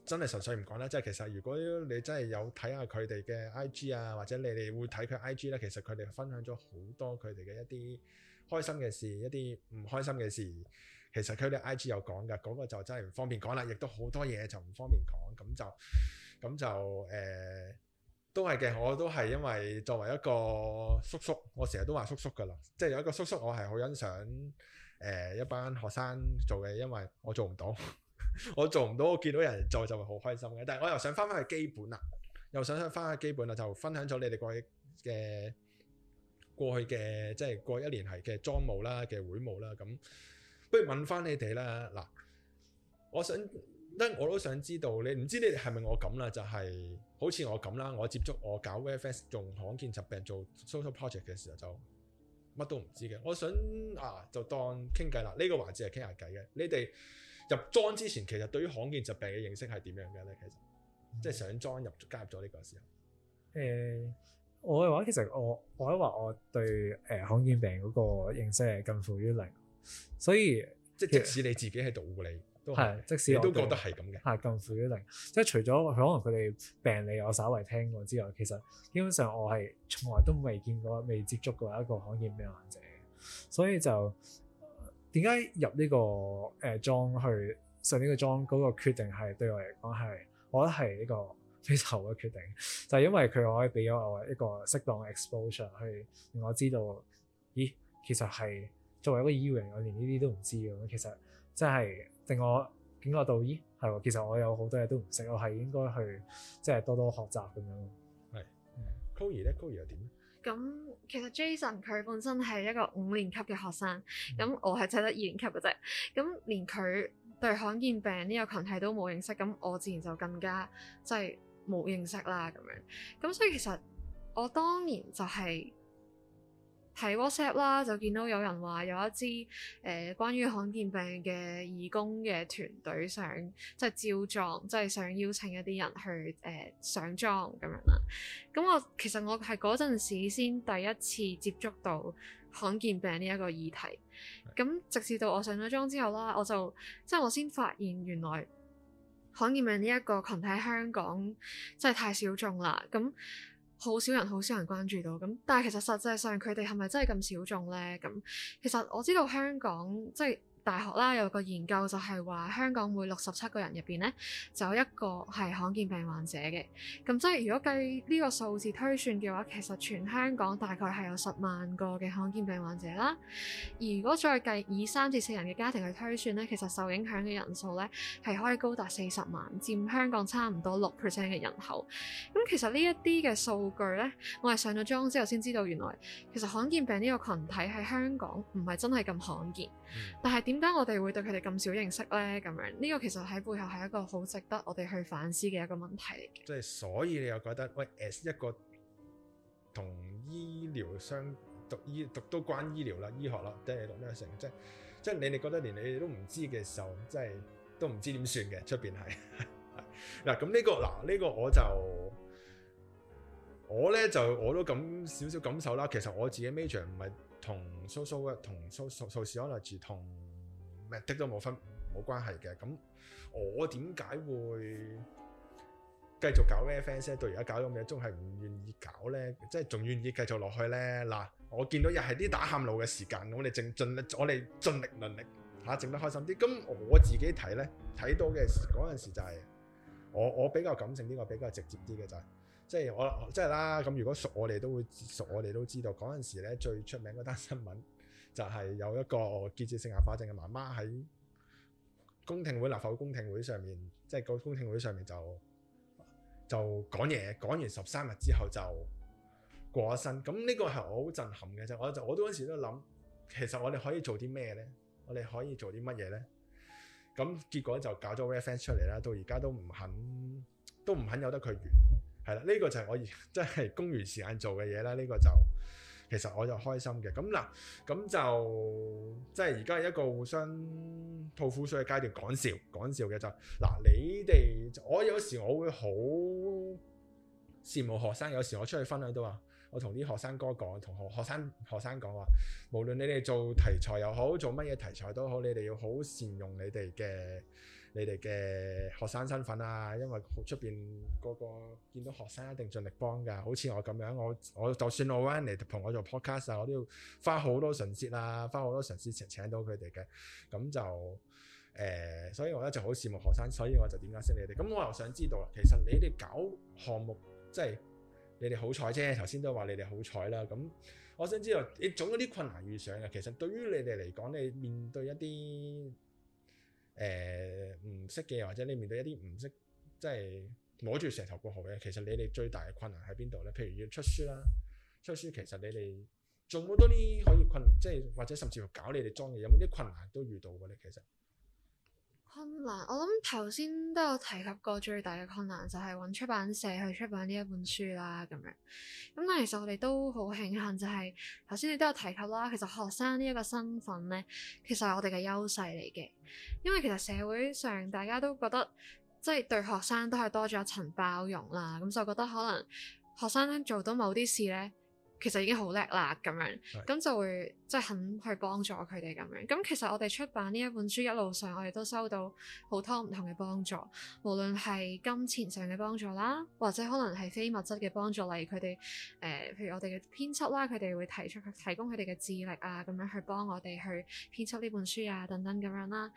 真係純粹唔講啦。即係其實如果你真係有睇下佢哋嘅 IG 啊，或者你哋會睇佢 IG 咧，其實佢哋分享咗好多佢哋嘅一啲開心嘅事，一啲唔開心嘅事。其實佢哋 IG 有講噶，嗰個就真係唔方便講啦，亦都好多嘢就唔方便講，咁就咁就誒。呃都係嘅，我都係因為作為一個叔叔，我成日都話叔叔噶啦，即係有一個叔叔，我係好欣賞誒、呃、一班學生做嘅，因為我做唔到， 我做唔到，我見到人做就會、是、好開心嘅。但係我又想翻翻去基本啦，又想想翻去基本啦，就分享咗你哋過去嘅過去嘅即係過、就是、過一年係嘅莊務啦、嘅會務啦。咁不如問翻你哋啦，嗱，我想。都我都想知道，知道你唔知你哋係咪我咁啦，就係、是、好似我咁啦，我接觸我搞 WFS 用罕見疾病做 social project 嘅時候，就乜都唔知嘅。我想啊，就當傾偈啦，呢、這個環節係傾下偈嘅。你哋入莊之前，其實對於罕見疾病嘅認識係點樣嘅咧？其實的即係上莊入加入咗呢個時候，誒、欸，我嘅話其實我我都話我對誒罕見病嗰個認識係近乎於零，所以即係即使你自己喺度護理。係，即使我都覺得係咁嘅。係近乎於零，即係除咗可能佢哋病理我稍為聽過之外，其實基本上我係從來都未見過、未接觸過一個罕見病患者，所以就點解入呢、這個誒莊、呃、去上呢個莊嗰個決定係對我嚟講係，我覺得係一個非常好嘅決定，就係、是、因為佢可以俾咗我一個適當嘅 exposure 去，令我知道，咦，其實係作為一個醫人，我連呢啲都唔知噉，其實真、就、係、是。定我警我到咦，係喎，其實我有好多嘢都唔識，我係應該去即係多多學習咁是、嗯、樣咯。係，Chloe 咧，Chloe 又點咧？咁其實 Jason 佢本身係一個五年級嘅學生，咁、嗯、我係只得二年級嘅啫，咁連佢對罕見病呢個群體都冇認識，咁我自然就更加即係冇認識啦咁樣。咁所以其實我當年就係、是。睇 WhatsApp 啦，Wh App，就見到有人話有一支誒、呃、關於罕見病嘅義工嘅團隊想即係照莊，即係想邀請一啲人去誒、呃、上莊咁樣啦。咁我其實我係嗰陣時先第一次接觸到罕見病呢一個議題。咁直至到我上咗莊之後啦，我就即係我先發現原來罕見病呢一個羣體喺香港真係太小眾啦。咁好少人，好少人關注到。噉，但係其實實際上佢哋係咪真係咁小眾呢？噉其實我知道香港即係大學啦，有個研究就係話，香港每六十七個人入邊咧，就有一個係罕見病患者嘅。咁即係如果計呢個數字推算嘅話，其實全香港大概係有十萬個嘅罕見病患者啦。而如果再計以三至四人嘅家庭去推算咧，其實受影響嘅人數咧係可以高達四十萬，佔香港差唔多六 percent 嘅人口。咁其實呢一啲嘅數據咧，我係上咗莊之後先知道，原來其實罕見病呢個群體喺香港唔係真係咁罕見。但係點解我哋會對佢哋咁少認識咧？咁樣呢個其實喺背後係一個好值得我哋去反思嘅一個問題嚟嘅。即係所以你又覺得，喂，as 一個同醫療相讀醫讀都關醫療啦、醫學啦，即係讀呢一成，即係即係你哋覺得連你哋都唔知嘅時候，即係都唔知點算嘅。出邊係嗱，咁呢個嗱呢個我就我咧就我都咁少少感受啦。其實我自己 major 唔係。同蘇蘇啊，同蘇蘇蘇士安娜住，同、so、咩、so so so so so so、的都冇分冇關係嘅。咁我點解會繼續搞咩 fans 咧？到而家搞咁嘢，仲係唔願意搞咧？即係仲願意繼續落去咧？嗱，我見到又係啲打喊路嘅時間，我哋盡力，我哋盡力能力嚇，整得開心啲。咁我自己睇咧，睇到嘅嗰陣時就係、是、我我比較感性啲，我比較直接啲嘅就係、是。即係我即係啦，咁如果熟，我哋都會熟，我哋都知道嗰陣時咧最出名嗰單新聞就係有一個結節性硬化症嘅媽媽喺公聽會立法會公聽會上面，即係個公聽會上面就就講嘢，講完十三日之後就過咗身。咁呢個係我好震撼嘅，啫。我就我都嗰時都諗，其實我哋可以做啲咩咧？我哋可以做啲乜嘢咧？咁結果就搞咗 Rare Friend 出嚟啦，到而家都唔肯，都唔肯由得佢完。係啦，呢、這個就係我即係公餘時間做嘅嘢啦。呢、這個就其實我就開心嘅。咁嗱，咁就即係而家一個互相吐苦水嘅階段。講笑講笑嘅就嗱、是，你哋我有時我會好羨慕學生。有時我出去分享都話，我同啲學生哥講，同學學生學生講話，無論你哋做題材又好，做乜嘢題材都好，你哋要好善用你哋嘅。你哋嘅學生身份啊，因為出邊個個見到學生一定盡力幫㗎，好似我咁樣，我我就算我翻嚟同我做 podcast 啊，我都要花好多唇舌啊，花好多唇舌請請到佢哋嘅，咁就誒、呃，所以我就好羨慕學生，所以我就點解識你哋？咁、嗯、我又想知道，其實你哋搞項目即係你哋好彩啫，頭先都話你哋好彩啦。咁、嗯、我想知道你總有啲困難遇上嘅，其實對於你哋嚟講，你面對一啲。誒唔識嘅，或者你面對一啲唔識，即係摸住石頭過河嘅，其實你哋最大嘅困難喺邊度咧？譬如要出書啦，出書其實你哋做好多啲可以困難，即係或者甚至乎搞你哋裝嘅，有冇啲困難都遇到嘅咧？其實。困難，我諗頭先都有提及過最大嘅困難就係揾出版社去出版呢一本書啦咁樣。咁但其實我哋都好慶幸、就係，就係頭先你都有提及啦。其實學生呢一個身份呢，其實係我哋嘅優勢嚟嘅，因為其實社會上大家都覺得即係對學生都係多咗一層包容啦。咁就覺得可能學生做到某啲事呢。其實已經好叻啦，咁樣咁是的 就會即係、就是、肯去幫助佢哋咁樣。咁其實我哋出版呢一本書一路上，我哋都收到好多唔同嘅幫助，無論係金錢上嘅幫助啦，或者可能係非物質嘅幫助，例如佢哋誒，譬如我哋嘅編輯啦，佢哋會提出提供佢哋嘅智力啊，咁樣去幫我哋去編輯呢本書啊，等等咁樣啦。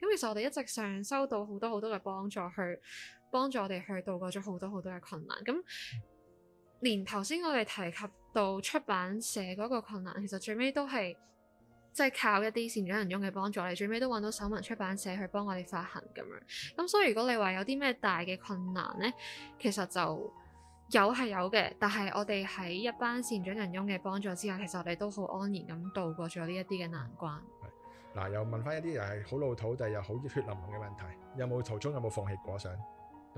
咁其實我哋一直上收到好多好多嘅幫助，去幫助我哋去度過咗好多好多嘅困難。咁連頭先我哋提及到出版社嗰個困難，其實最尾都係即係靠一啲善長人翁嘅幫助，你最尾都搵到首文出版社去幫我哋發行咁樣。咁所以如果你話有啲咩大嘅困難咧，其實就有係有嘅，但係我哋喺一班善長人翁嘅幫助之下，其實我哋都好安然咁度過咗呢一啲嘅難關。嗱，又問翻一啲又係好老土，但又好血淋淋嘅問題，有冇途中有冇放棄過想？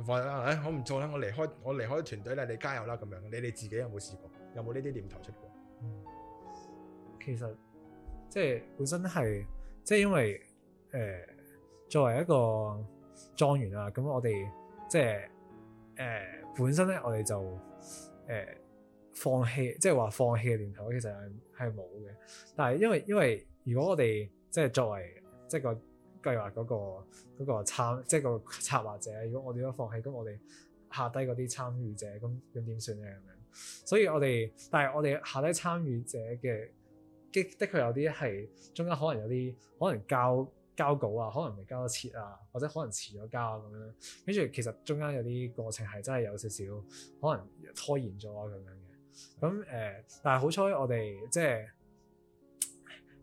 話啦，誒，我唔做啦，我離開，我離開團隊啦，你加油啦，咁樣，你你自己有冇試過？有冇呢啲念頭出過？嗯，其實即係本身係即係因為誒、呃、作為一個莊園啊，咁我哋即係誒、呃、本身咧，我哋就誒、呃、放棄，即係話放棄嘅念頭，其實係係冇嘅。但係因為因為如果我哋即係作為即係個計劃嗰個嗰、嗰個參，即係個策劃者。如果我哋都放棄，咁我哋下低嗰啲參與者，咁咁點算咧？咁樣，所以我哋，但係我哋下低參與者嘅，的的確有啲係中間可能有啲，可能交交稿啊，可能未交得切啊，或者可能遲咗交啊咁樣。跟住其實中間有啲過程係真係有少少可能拖延咗咁樣嘅。咁誒、呃，但係好彩我哋即係，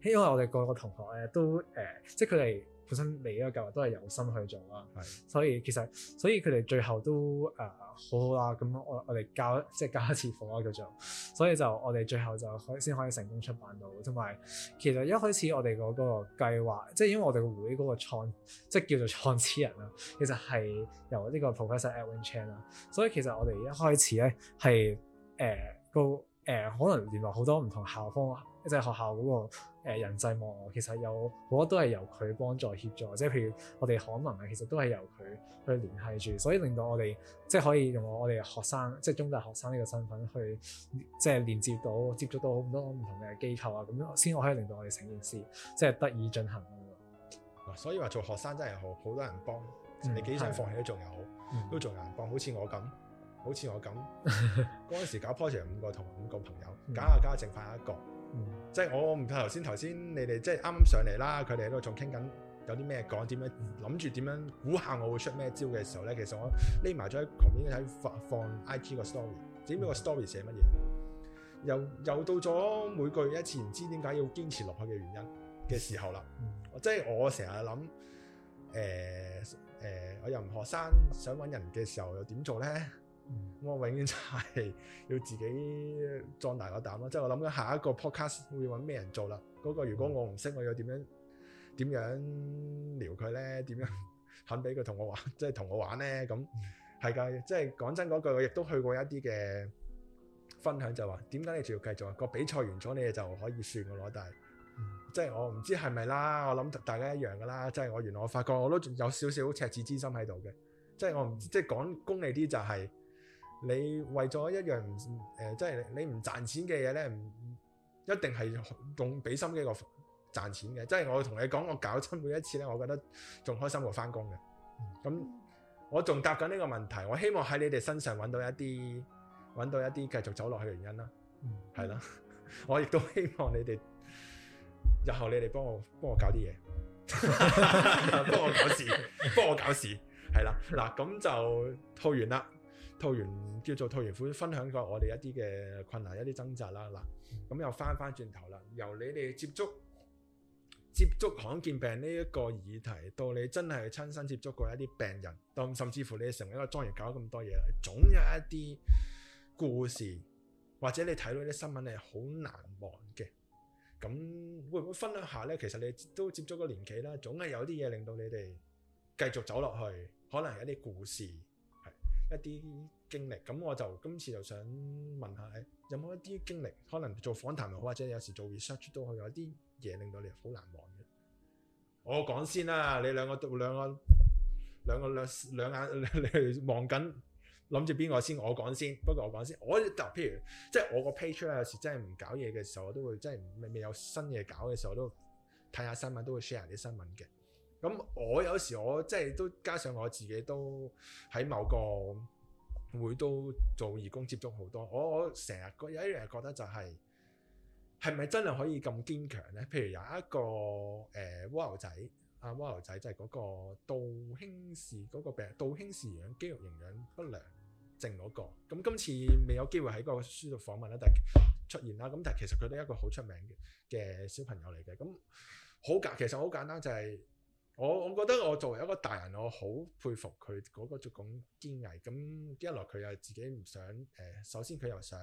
因為我哋個個同學咧都誒、呃，即係佢哋。本身你個計劃都係有心去做啦，是的 所以其實所以佢哋最後都誒、呃、好好啦。咁我我哋教即係教一次課啊，叫做，所以就我哋最後就可以，先可以成功出版到。同埋其實一開始我哋嗰個計劃，即係因為我哋個會嗰個創即係叫做創始人啦，其實係由呢個 Professor Edwin Chan 啦。所以其實我哋一開始咧係誒個誒可能聯絡好多唔同校方。即係學校嗰個誒人際網，其實有好多都係由佢幫助協助，即係譬如我哋可能啊，其實都係由佢去聯繫住，所以令到我哋即係可以用我哋學生，即係中大學生呢個身份去即係連接到接觸到好多唔同嘅機構啊，咁樣先可以令到我哋成件事即係得以進行。嗱，所以話做學生真係好，好多人幫，你幾想放棄都仲有好，嗯、都仲有人幫。好似我咁，好似我咁嗰陣時搞 project 五個同五個朋友搞、嗯、下搞下淨翻一個。嗯、即係我唔頭先頭先你哋即係啱啱上嚟啦，佢哋喺度仲傾緊有啲咩講，點樣諗住點樣估下我會出咩招嘅時候咧，其實我匿埋咗喺旁邊喺放放 IG 個 story，點知個 story 寫乜嘢？又又到咗每個月一次，唔知點解要堅持落去嘅原因嘅時候啦。嗯、即係我成日諗，誒、呃、誒、呃，我又唔學生，想搵人嘅時候又點做咧？嗯、我永遠就係要自己壯大個膽咯，即係我諗緊下一個 podcast 會揾咩人做啦。嗰、嗰個如果我唔識，我要點樣點樣撩佢咧？點樣肯俾佢同我玩？即係同我玩咧？咁係㗎，即係講真嗰句，我亦都去過一啲嘅分享，就話點解你仲要繼續啊？嗰個比賽完咗，你就可以算、嗯、我攞但即係我唔知係咪啦。我諗大家一樣㗎啦。即係我原來我發覺我都仲有少少赤子之心喺度嘅。即係我唔、嗯、即係講功利啲就係、是。你為咗一樣唔誒，即係你唔賺錢嘅嘢咧，唔一定係用俾心機個賺錢嘅。即係我同你講，我搞親每一次咧，我覺得仲開心過返工嘅。咁、嗯、我仲答緊呢個問題，我希望喺你哋身上搵到一啲搵到一啲繼續走落去嘅原因啦。係啦、嗯，我亦都希望你哋日後你哋幫我幫我搞啲嘢， 幫我搞事，幫我搞事。係啦，嗱咁就套完啦。套完叫做套完苦，分享過我哋一啲嘅困難、一啲掙扎啦。嗱，咁又翻翻轉頭啦，由你哋接觸接觸罕見病呢一個議題，到你真係親身接觸過一啲病人，當甚至乎你成為一個莊園搞咁多嘢啦，總有一啲故事，或者你睇到啲新聞係好難忘嘅。咁會唔會分享下呢？其實你都接觸個年期啦，總係有啲嘢令到你哋繼續走落去，可能有一啲故事。一啲經歷，咁我就今次就想問下你，有冇一啲經歷，可能做訪談又好，或者有時做 research 都好，有啲嘢令到你好難忘嘅。我講先啦，你兩個讀兩個兩個兩個兩眼你望緊，諗住邊個先？我講先，不過我講先，我就譬如即係我個 page 啊，有時真係唔搞嘢嘅時候，我都會真係未未有新嘢搞嘅時候，我都睇下新聞，都會 share 啲新聞嘅。咁我有時我即係都加上我自己都喺某個會都做義工接觸好多，我我成日覺有一樣覺得就係係咪真係可以咁堅強咧？譬如有一個誒蝸牛仔啊，蝸牛仔就係嗰個杜興氏嗰、那個病，杜興氏養肌肉營養不良症嗰、那個。咁今次未有機會喺個書度訪問啦，但係出現啦。咁但係其實佢都係一個好出名嘅小朋友嚟嘅。咁好簡其實好簡單就係、是。我我覺得我作為一個大人，我好佩服佢嗰個咁夠堅毅。咁一來佢又自己唔想誒、呃，首先佢又想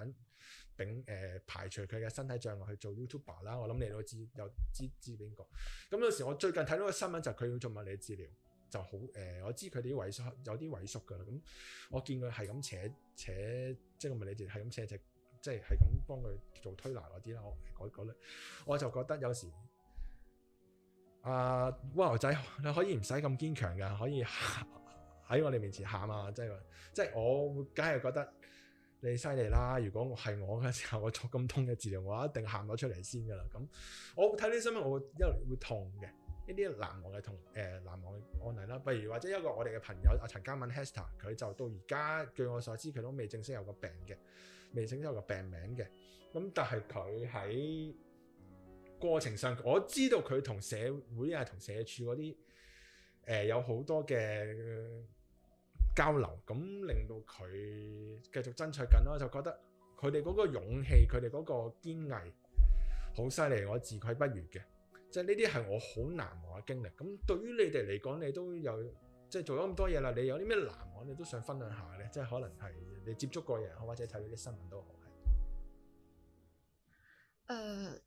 摒誒、呃、排除佢嘅身體障礙去做 YouTuber 啦。我諗你都知，又知知邊個？咁有時我最近睇到個新聞就係、是、佢要做物理治療，就好誒、呃。我知佢哋啲萎縮有啲萎縮噶啦。咁我見佢係咁扯扯、扯，即係個物理治療係咁扯直，即係係咁幫佢做推拿嗰啲啦。我我我就覺得有時。啊，uh, 哇仔，你可以唔使咁堅強噶，可以喺我哋面前喊啊！即係，即係我梗係覺得你犀利啦。如果我係我嘅時候，我做咁痛嘅治療，我一定喊咗出嚟先噶啦。咁、嗯、我睇啲新聞我會，我一路會痛嘅。呢啲難忘嘅痛誒難忘嘅案例啦，譬如或者一個我哋嘅朋友阿陳嘉敏 Hester，佢就到而家據我所知，佢都未正式有個病嘅，未正式有個病名嘅。咁、嗯、但係佢喺。過程上我知道佢同社會啊、同社署嗰啲誒有好多嘅交流，咁令到佢繼續爭取緊咯。我就覺得佢哋嗰個勇氣、佢哋嗰個堅毅，好犀利，我自愧不如嘅。即係呢啲係我好難忘嘅經歷。咁對於你哋嚟講，你都有即係做咗咁多嘢啦，你有啲咩難忘，你都想分享下咧？即係可能係你接觸過人，或者睇到啲新聞都好。誒、uh。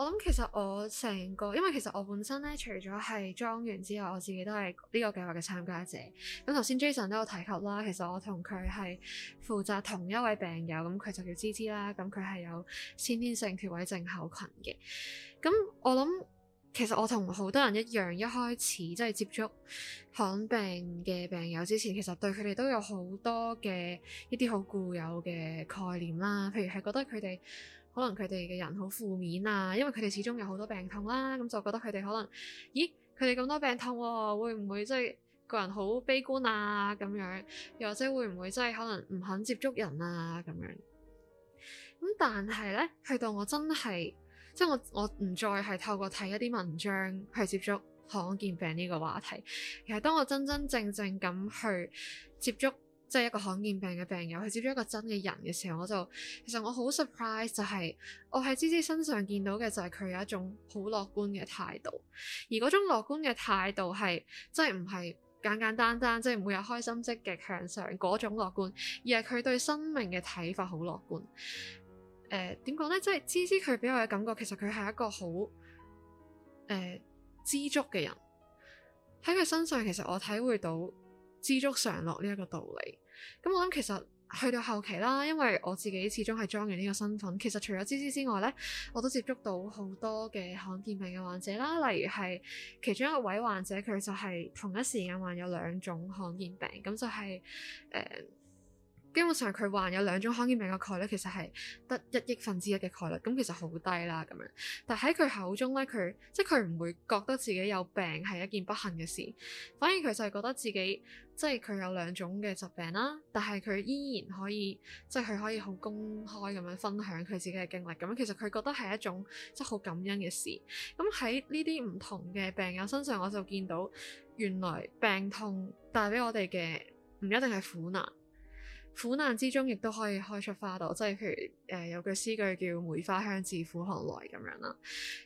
我諗其實我成個，因為其實我本身咧，除咗係裝完之外，我自己都係呢個計劃嘅參加者。咁頭先 Jason 都有提及啦，其實我同佢係負責同一位病友，咁佢就叫芝芝啦，咁佢係有先天性缺位症候群嘅。咁我諗，其實我同好多人一樣，一開始即係、就是、接觸罕病嘅病友之前，其實對佢哋都有好多嘅一啲好固有嘅概念啦，譬如係覺得佢哋。可能佢哋嘅人好負面啊，因為佢哋始終有好多病痛啦，咁就覺得佢哋可能，咦，佢哋咁多病痛喎，會唔會即係個人好悲觀啊咁樣？又或者會唔會即係可能唔肯接觸人啊咁樣？咁但係呢，去到我真係，即係我我唔再係透過睇一啲文章去接觸罕見病呢個話題，其實當我真真正正咁去接觸。即係一個罕見病嘅病友，佢接觸一個真嘅人嘅時候，我就其實我好 surprise，就係我喺芝芝身上見到嘅就係佢有一種好樂觀嘅態度，而嗰種樂觀嘅態度係真係唔係簡簡單單，即係唔會有開心積極向上嗰種樂觀，而係佢對生命嘅睇法好樂觀。誒點講呢？即係芝芝佢俾我嘅感覺，其實佢係一個好誒、呃、知足嘅人。喺佢身上，其實我體會到知足常樂呢一個道理。咁我諗其實去到後期啦，因為我自己始終係裝完呢個身份，其實除咗芝芝之外咧，我都接觸到好多嘅罕見病嘅患者啦。例如係其中一位患者，佢就係同一時間患有兩種罕見病，咁就係、是、誒。呃基本上佢患有兩種罕見病嘅概，概率，其實係得一億分之一嘅概率，咁其實好低啦。咁樣，但喺佢口中咧，佢即係佢唔會覺得自己有病係一件不幸嘅事，反而佢就係覺得自己即係佢有兩種嘅疾病啦，但係佢依然可以即係佢可以好公開咁樣分享佢自己嘅經歷。咁其實佢覺得係一種即係好感恩嘅事。咁喺呢啲唔同嘅病友身上，我就見到原來病痛帶俾我哋嘅唔一定係苦難。苦難之中亦都可以開出花朵，即係譬如誒、呃、有句詩句叫梅花香自苦寒來咁樣啦。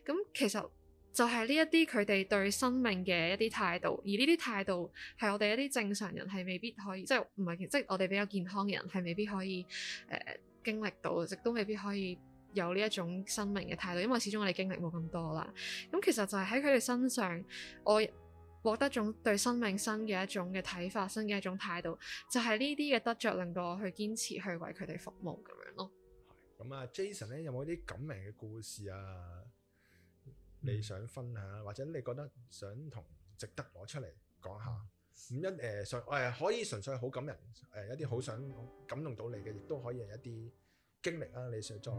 咁其實就係呢一啲佢哋對生命嘅一啲態度，而呢啲態度係我哋一啲正常人係未必可以，即係唔係即係我哋比較健康嘅人係未必可以誒、呃、經歷到，亦都未必可以有呢一種生命嘅態度，因為始終我哋經歷冇咁多啦。咁其實就係喺佢哋身上我。獲得一種對生命新嘅一種嘅睇法，新嘅一種態度，就係呢啲嘅得着令到我去堅持去為佢哋服務咁樣咯。咁啊、嗯、Jason 咧有冇啲感人嘅故事啊？你想分享，或者你覺得想同值得攞出嚟講下？唔、嗯嗯、一誒，誒、呃哎、可以純粹好感人誒、嗯，一啲好想感動到你嘅，亦都可以係一啲經歷啦。你，在在剛剛你想再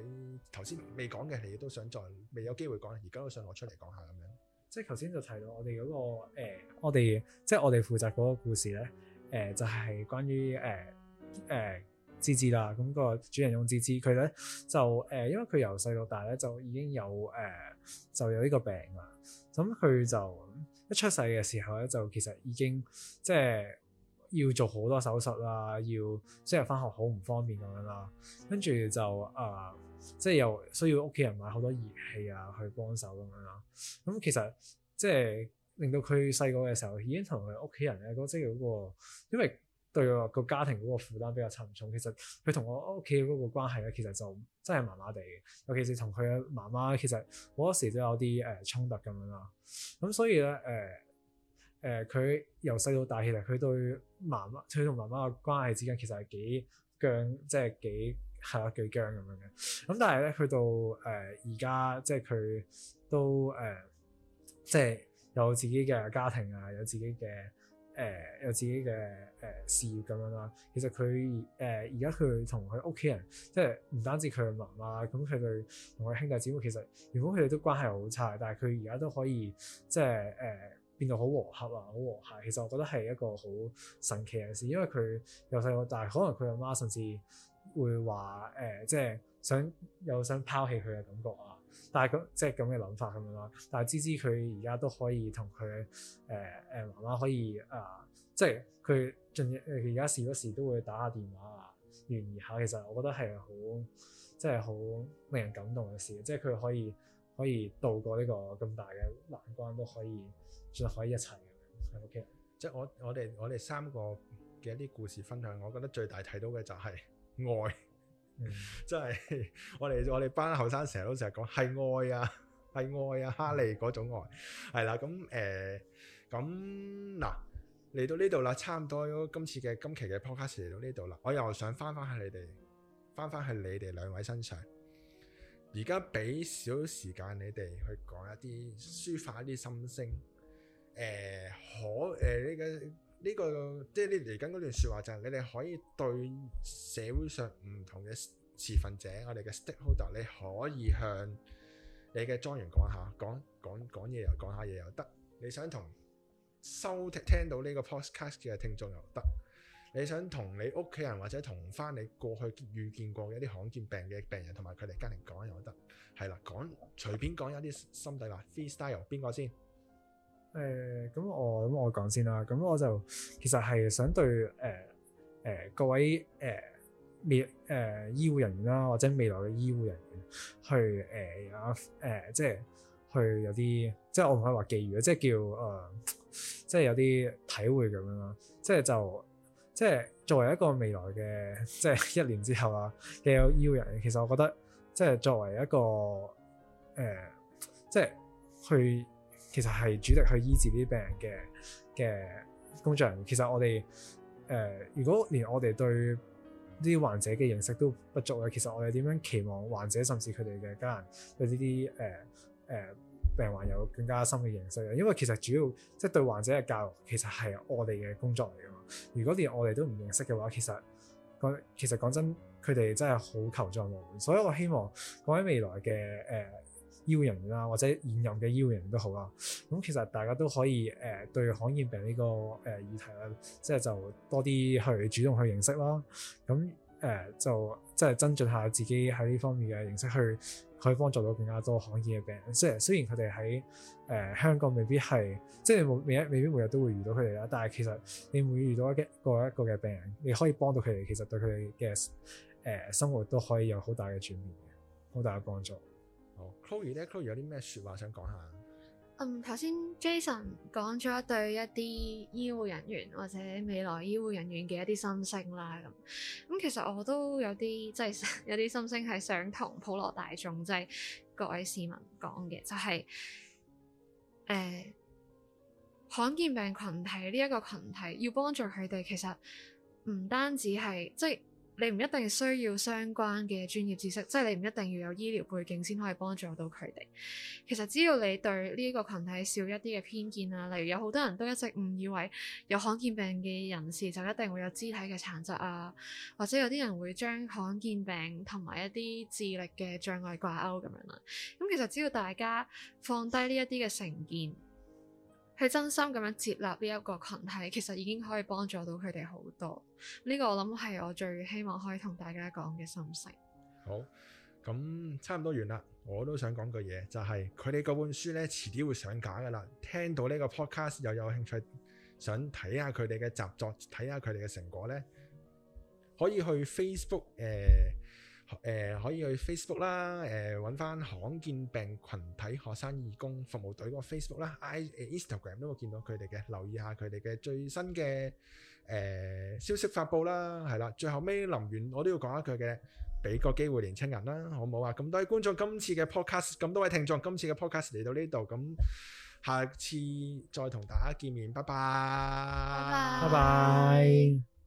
喺頭先未講嘅，你都想再未有機會講，而家都想攞出嚟講下咁樣。即係頭先就提到我哋嗰、那個、呃、我哋即係我哋負責嗰個故事咧，誒、呃、就係、是、關於誒誒智智啦，咁、那個主人翁「智智佢咧就誒、呃，因為佢由細到大咧就已經有誒、呃、就有呢個病啦，咁、嗯、佢就一出世嘅時候咧就其實已經即係要做好多手術啦，要即係翻學好唔方便咁樣啦，跟住就誒。呃即係又需要屋企人買好多儀器啊，去幫手咁樣咯。咁其實即係令到佢細個嘅時候已經同佢屋企人咧嗰即係嗰、嗰個，因為對個家庭嗰個負擔比較沉重。其實佢同我屋企嗰個關係咧，其實就真係麻麻地。尤其是同佢嘅媽媽其、呃呃呃，其實好多時都有啲誒衝突咁樣啦。咁所以咧誒誒，佢由細到大其實佢對媽媽，佢同媽媽嘅關係之間其實係幾僵，即係幾。係啦，幾驚咁樣嘅，咁但係咧，去到誒而家，即係佢都誒，即、呃、係、就是、有自己嘅家庭啊，有自己嘅誒、呃，有自己嘅誒事業咁樣啦。其實佢誒而家佢同佢屋企人，即係唔單止佢阿媽啦，咁佢哋同佢兄弟姊妹其實原本佢哋都關係好差，但係佢而家都可以即係誒、呃、變到好和合啊，好和諧。其實我覺得係一個好神奇嘅事，因為佢由細到大，可能佢阿媽甚至。會話誒、呃，即係想又想拋棄佢嘅感覺啊，但係佢即係咁嘅諗法咁樣啦。但係芝芝佢而家都可以同佢誒誒媽媽可以啊、呃，即係佢仲而家時不時都會打下電話啊，聯繫下。其實我覺得係好即係好令人感動嘅事，即係佢可以可以渡過呢個咁大嘅難關，都可以仲可以一齊咁樣。OK，即係我我哋我哋三個嘅一啲故事分享，我覺得最大睇到嘅就係、是。愛，真係我哋我哋班後生成日都成日講係愛啊係愛啊哈利嗰種愛係啦，咁誒，咁嗱，嚟到呢度啦，差唔多今次嘅今期嘅 podcast 嚟到呢度啦，我又想翻翻去你哋翻翻去你哋兩位身上，而家俾少少時間你哋去講一啲抒發一啲心聲，誒可誒呢個。呢、這個即係你嚟緊嗰段説話就係你哋可以對社會上唔同嘅持份者，我哋嘅 stakeholder，你可以向你嘅莊園講下，講講講嘢又講下嘢又得。你想同收聽，聽到呢個 podcast 嘅聽眾又得。你想同你屋企人或者同翻你過去遇見過嘅一啲罕見病嘅病人同埋佢哋家庭講又得。係啦，講隨便講一啲心底話，free style，邊個先？誒，咁、呃、我咁我講先啦。咁我就其實係想對誒誒、呃呃、各位誒、呃、未誒、呃、醫護人員啦，或者未來嘅醫護人員去誒啊誒，即係去有啲，即係我唔可以話寄語啊，即係叫誒、呃，即係有啲體會咁樣啦。即係就即係作為一個未來嘅，即係一年之後啊嘅醫護人員，其實我覺得即係作為一個誒、呃，即係去。其實係主力去醫治啲病人嘅嘅工作人員。其實我哋誒、呃，如果連我哋對啲患者嘅認識都不足咧，其實我哋點樣期望患者甚至佢哋嘅家人對呢啲誒誒病患有更加深嘅認識咧？因為其實主要即係對患者嘅教育，其實係我哋嘅工作嚟噶嘛。如果連我哋都唔認識嘅話，其實講其實講真，佢哋真係好求助無門。所以我希望講喺未來嘅誒。呃醫護人員啦，或者現任嘅醫護人員都好啦，咁其實大家都可以誒、呃、對罕見病呢、這個誒、呃、議題啦，即係就多啲去主動去認識咯。咁誒、呃、就即係增進下自己喺呢方面嘅認識去，去可以幫助到更加多罕見嘅病人，即係雖然佢哋喺誒香港未必係即係冇未一未必每日都會遇到佢哋啦。但係其實你每遇到一個一個嘅病人，你可以幫到佢哋，其實對佢哋嘅誒生活都可以有好大嘅轉變嘅，好大嘅幫助。好，Chloe 咧，Chloe 有啲咩説話想講下？嗯，頭先 Jason 講咗對一啲醫護人員或者未來醫護人員嘅一啲心聲啦，咁咁、嗯、其實我都有啲即係有啲心聲係想同普羅大眾即係、就是、各位市民講嘅，就係、是、誒、呃、罕見病群體呢一、這個群體要幫助佢哋，其實唔單止係即係。你唔一定需要相關嘅專業知識，即係你唔一定要有醫療背景先可以幫助到佢哋。其實只要你對呢個群體少一啲嘅偏見啊，例如有好多人都一直誤以為有罕見病嘅人士就一定會有肢體嘅殘疾啊，或者有啲人會將罕見病同埋一啲智力嘅障礙掛鈎咁樣啦。咁其實只要大家放低呢一啲嘅成見。係真心咁樣接納呢一個群體，其實已經可以幫助到佢哋好多。呢、這個我諗係我最希望可以同大家講嘅心聲。好，咁差唔多完啦。我都想講句嘢，就係佢哋嗰本書呢遲啲會上架噶啦。聽到呢個 podcast 又有興趣，想睇下佢哋嘅習作，睇下佢哋嘅成果呢，可以去 Facebook 誒、呃。誒可以去 Facebook 啦，誒揾翻罕見病羣體學生義工服務隊嗰個 Facebook 啦，I Instagram 都會見到佢哋嘅，留意下佢哋嘅最新嘅誒消息發布啦，係啦，最後尾臨完我都要講一句嘅，俾個機會年青人啦，好唔好啊？咁多位觀眾今次嘅 podcast，咁多位聽眾今次嘅 podcast 嚟到呢度，咁下次再同大家見面，拜拜，拜拜。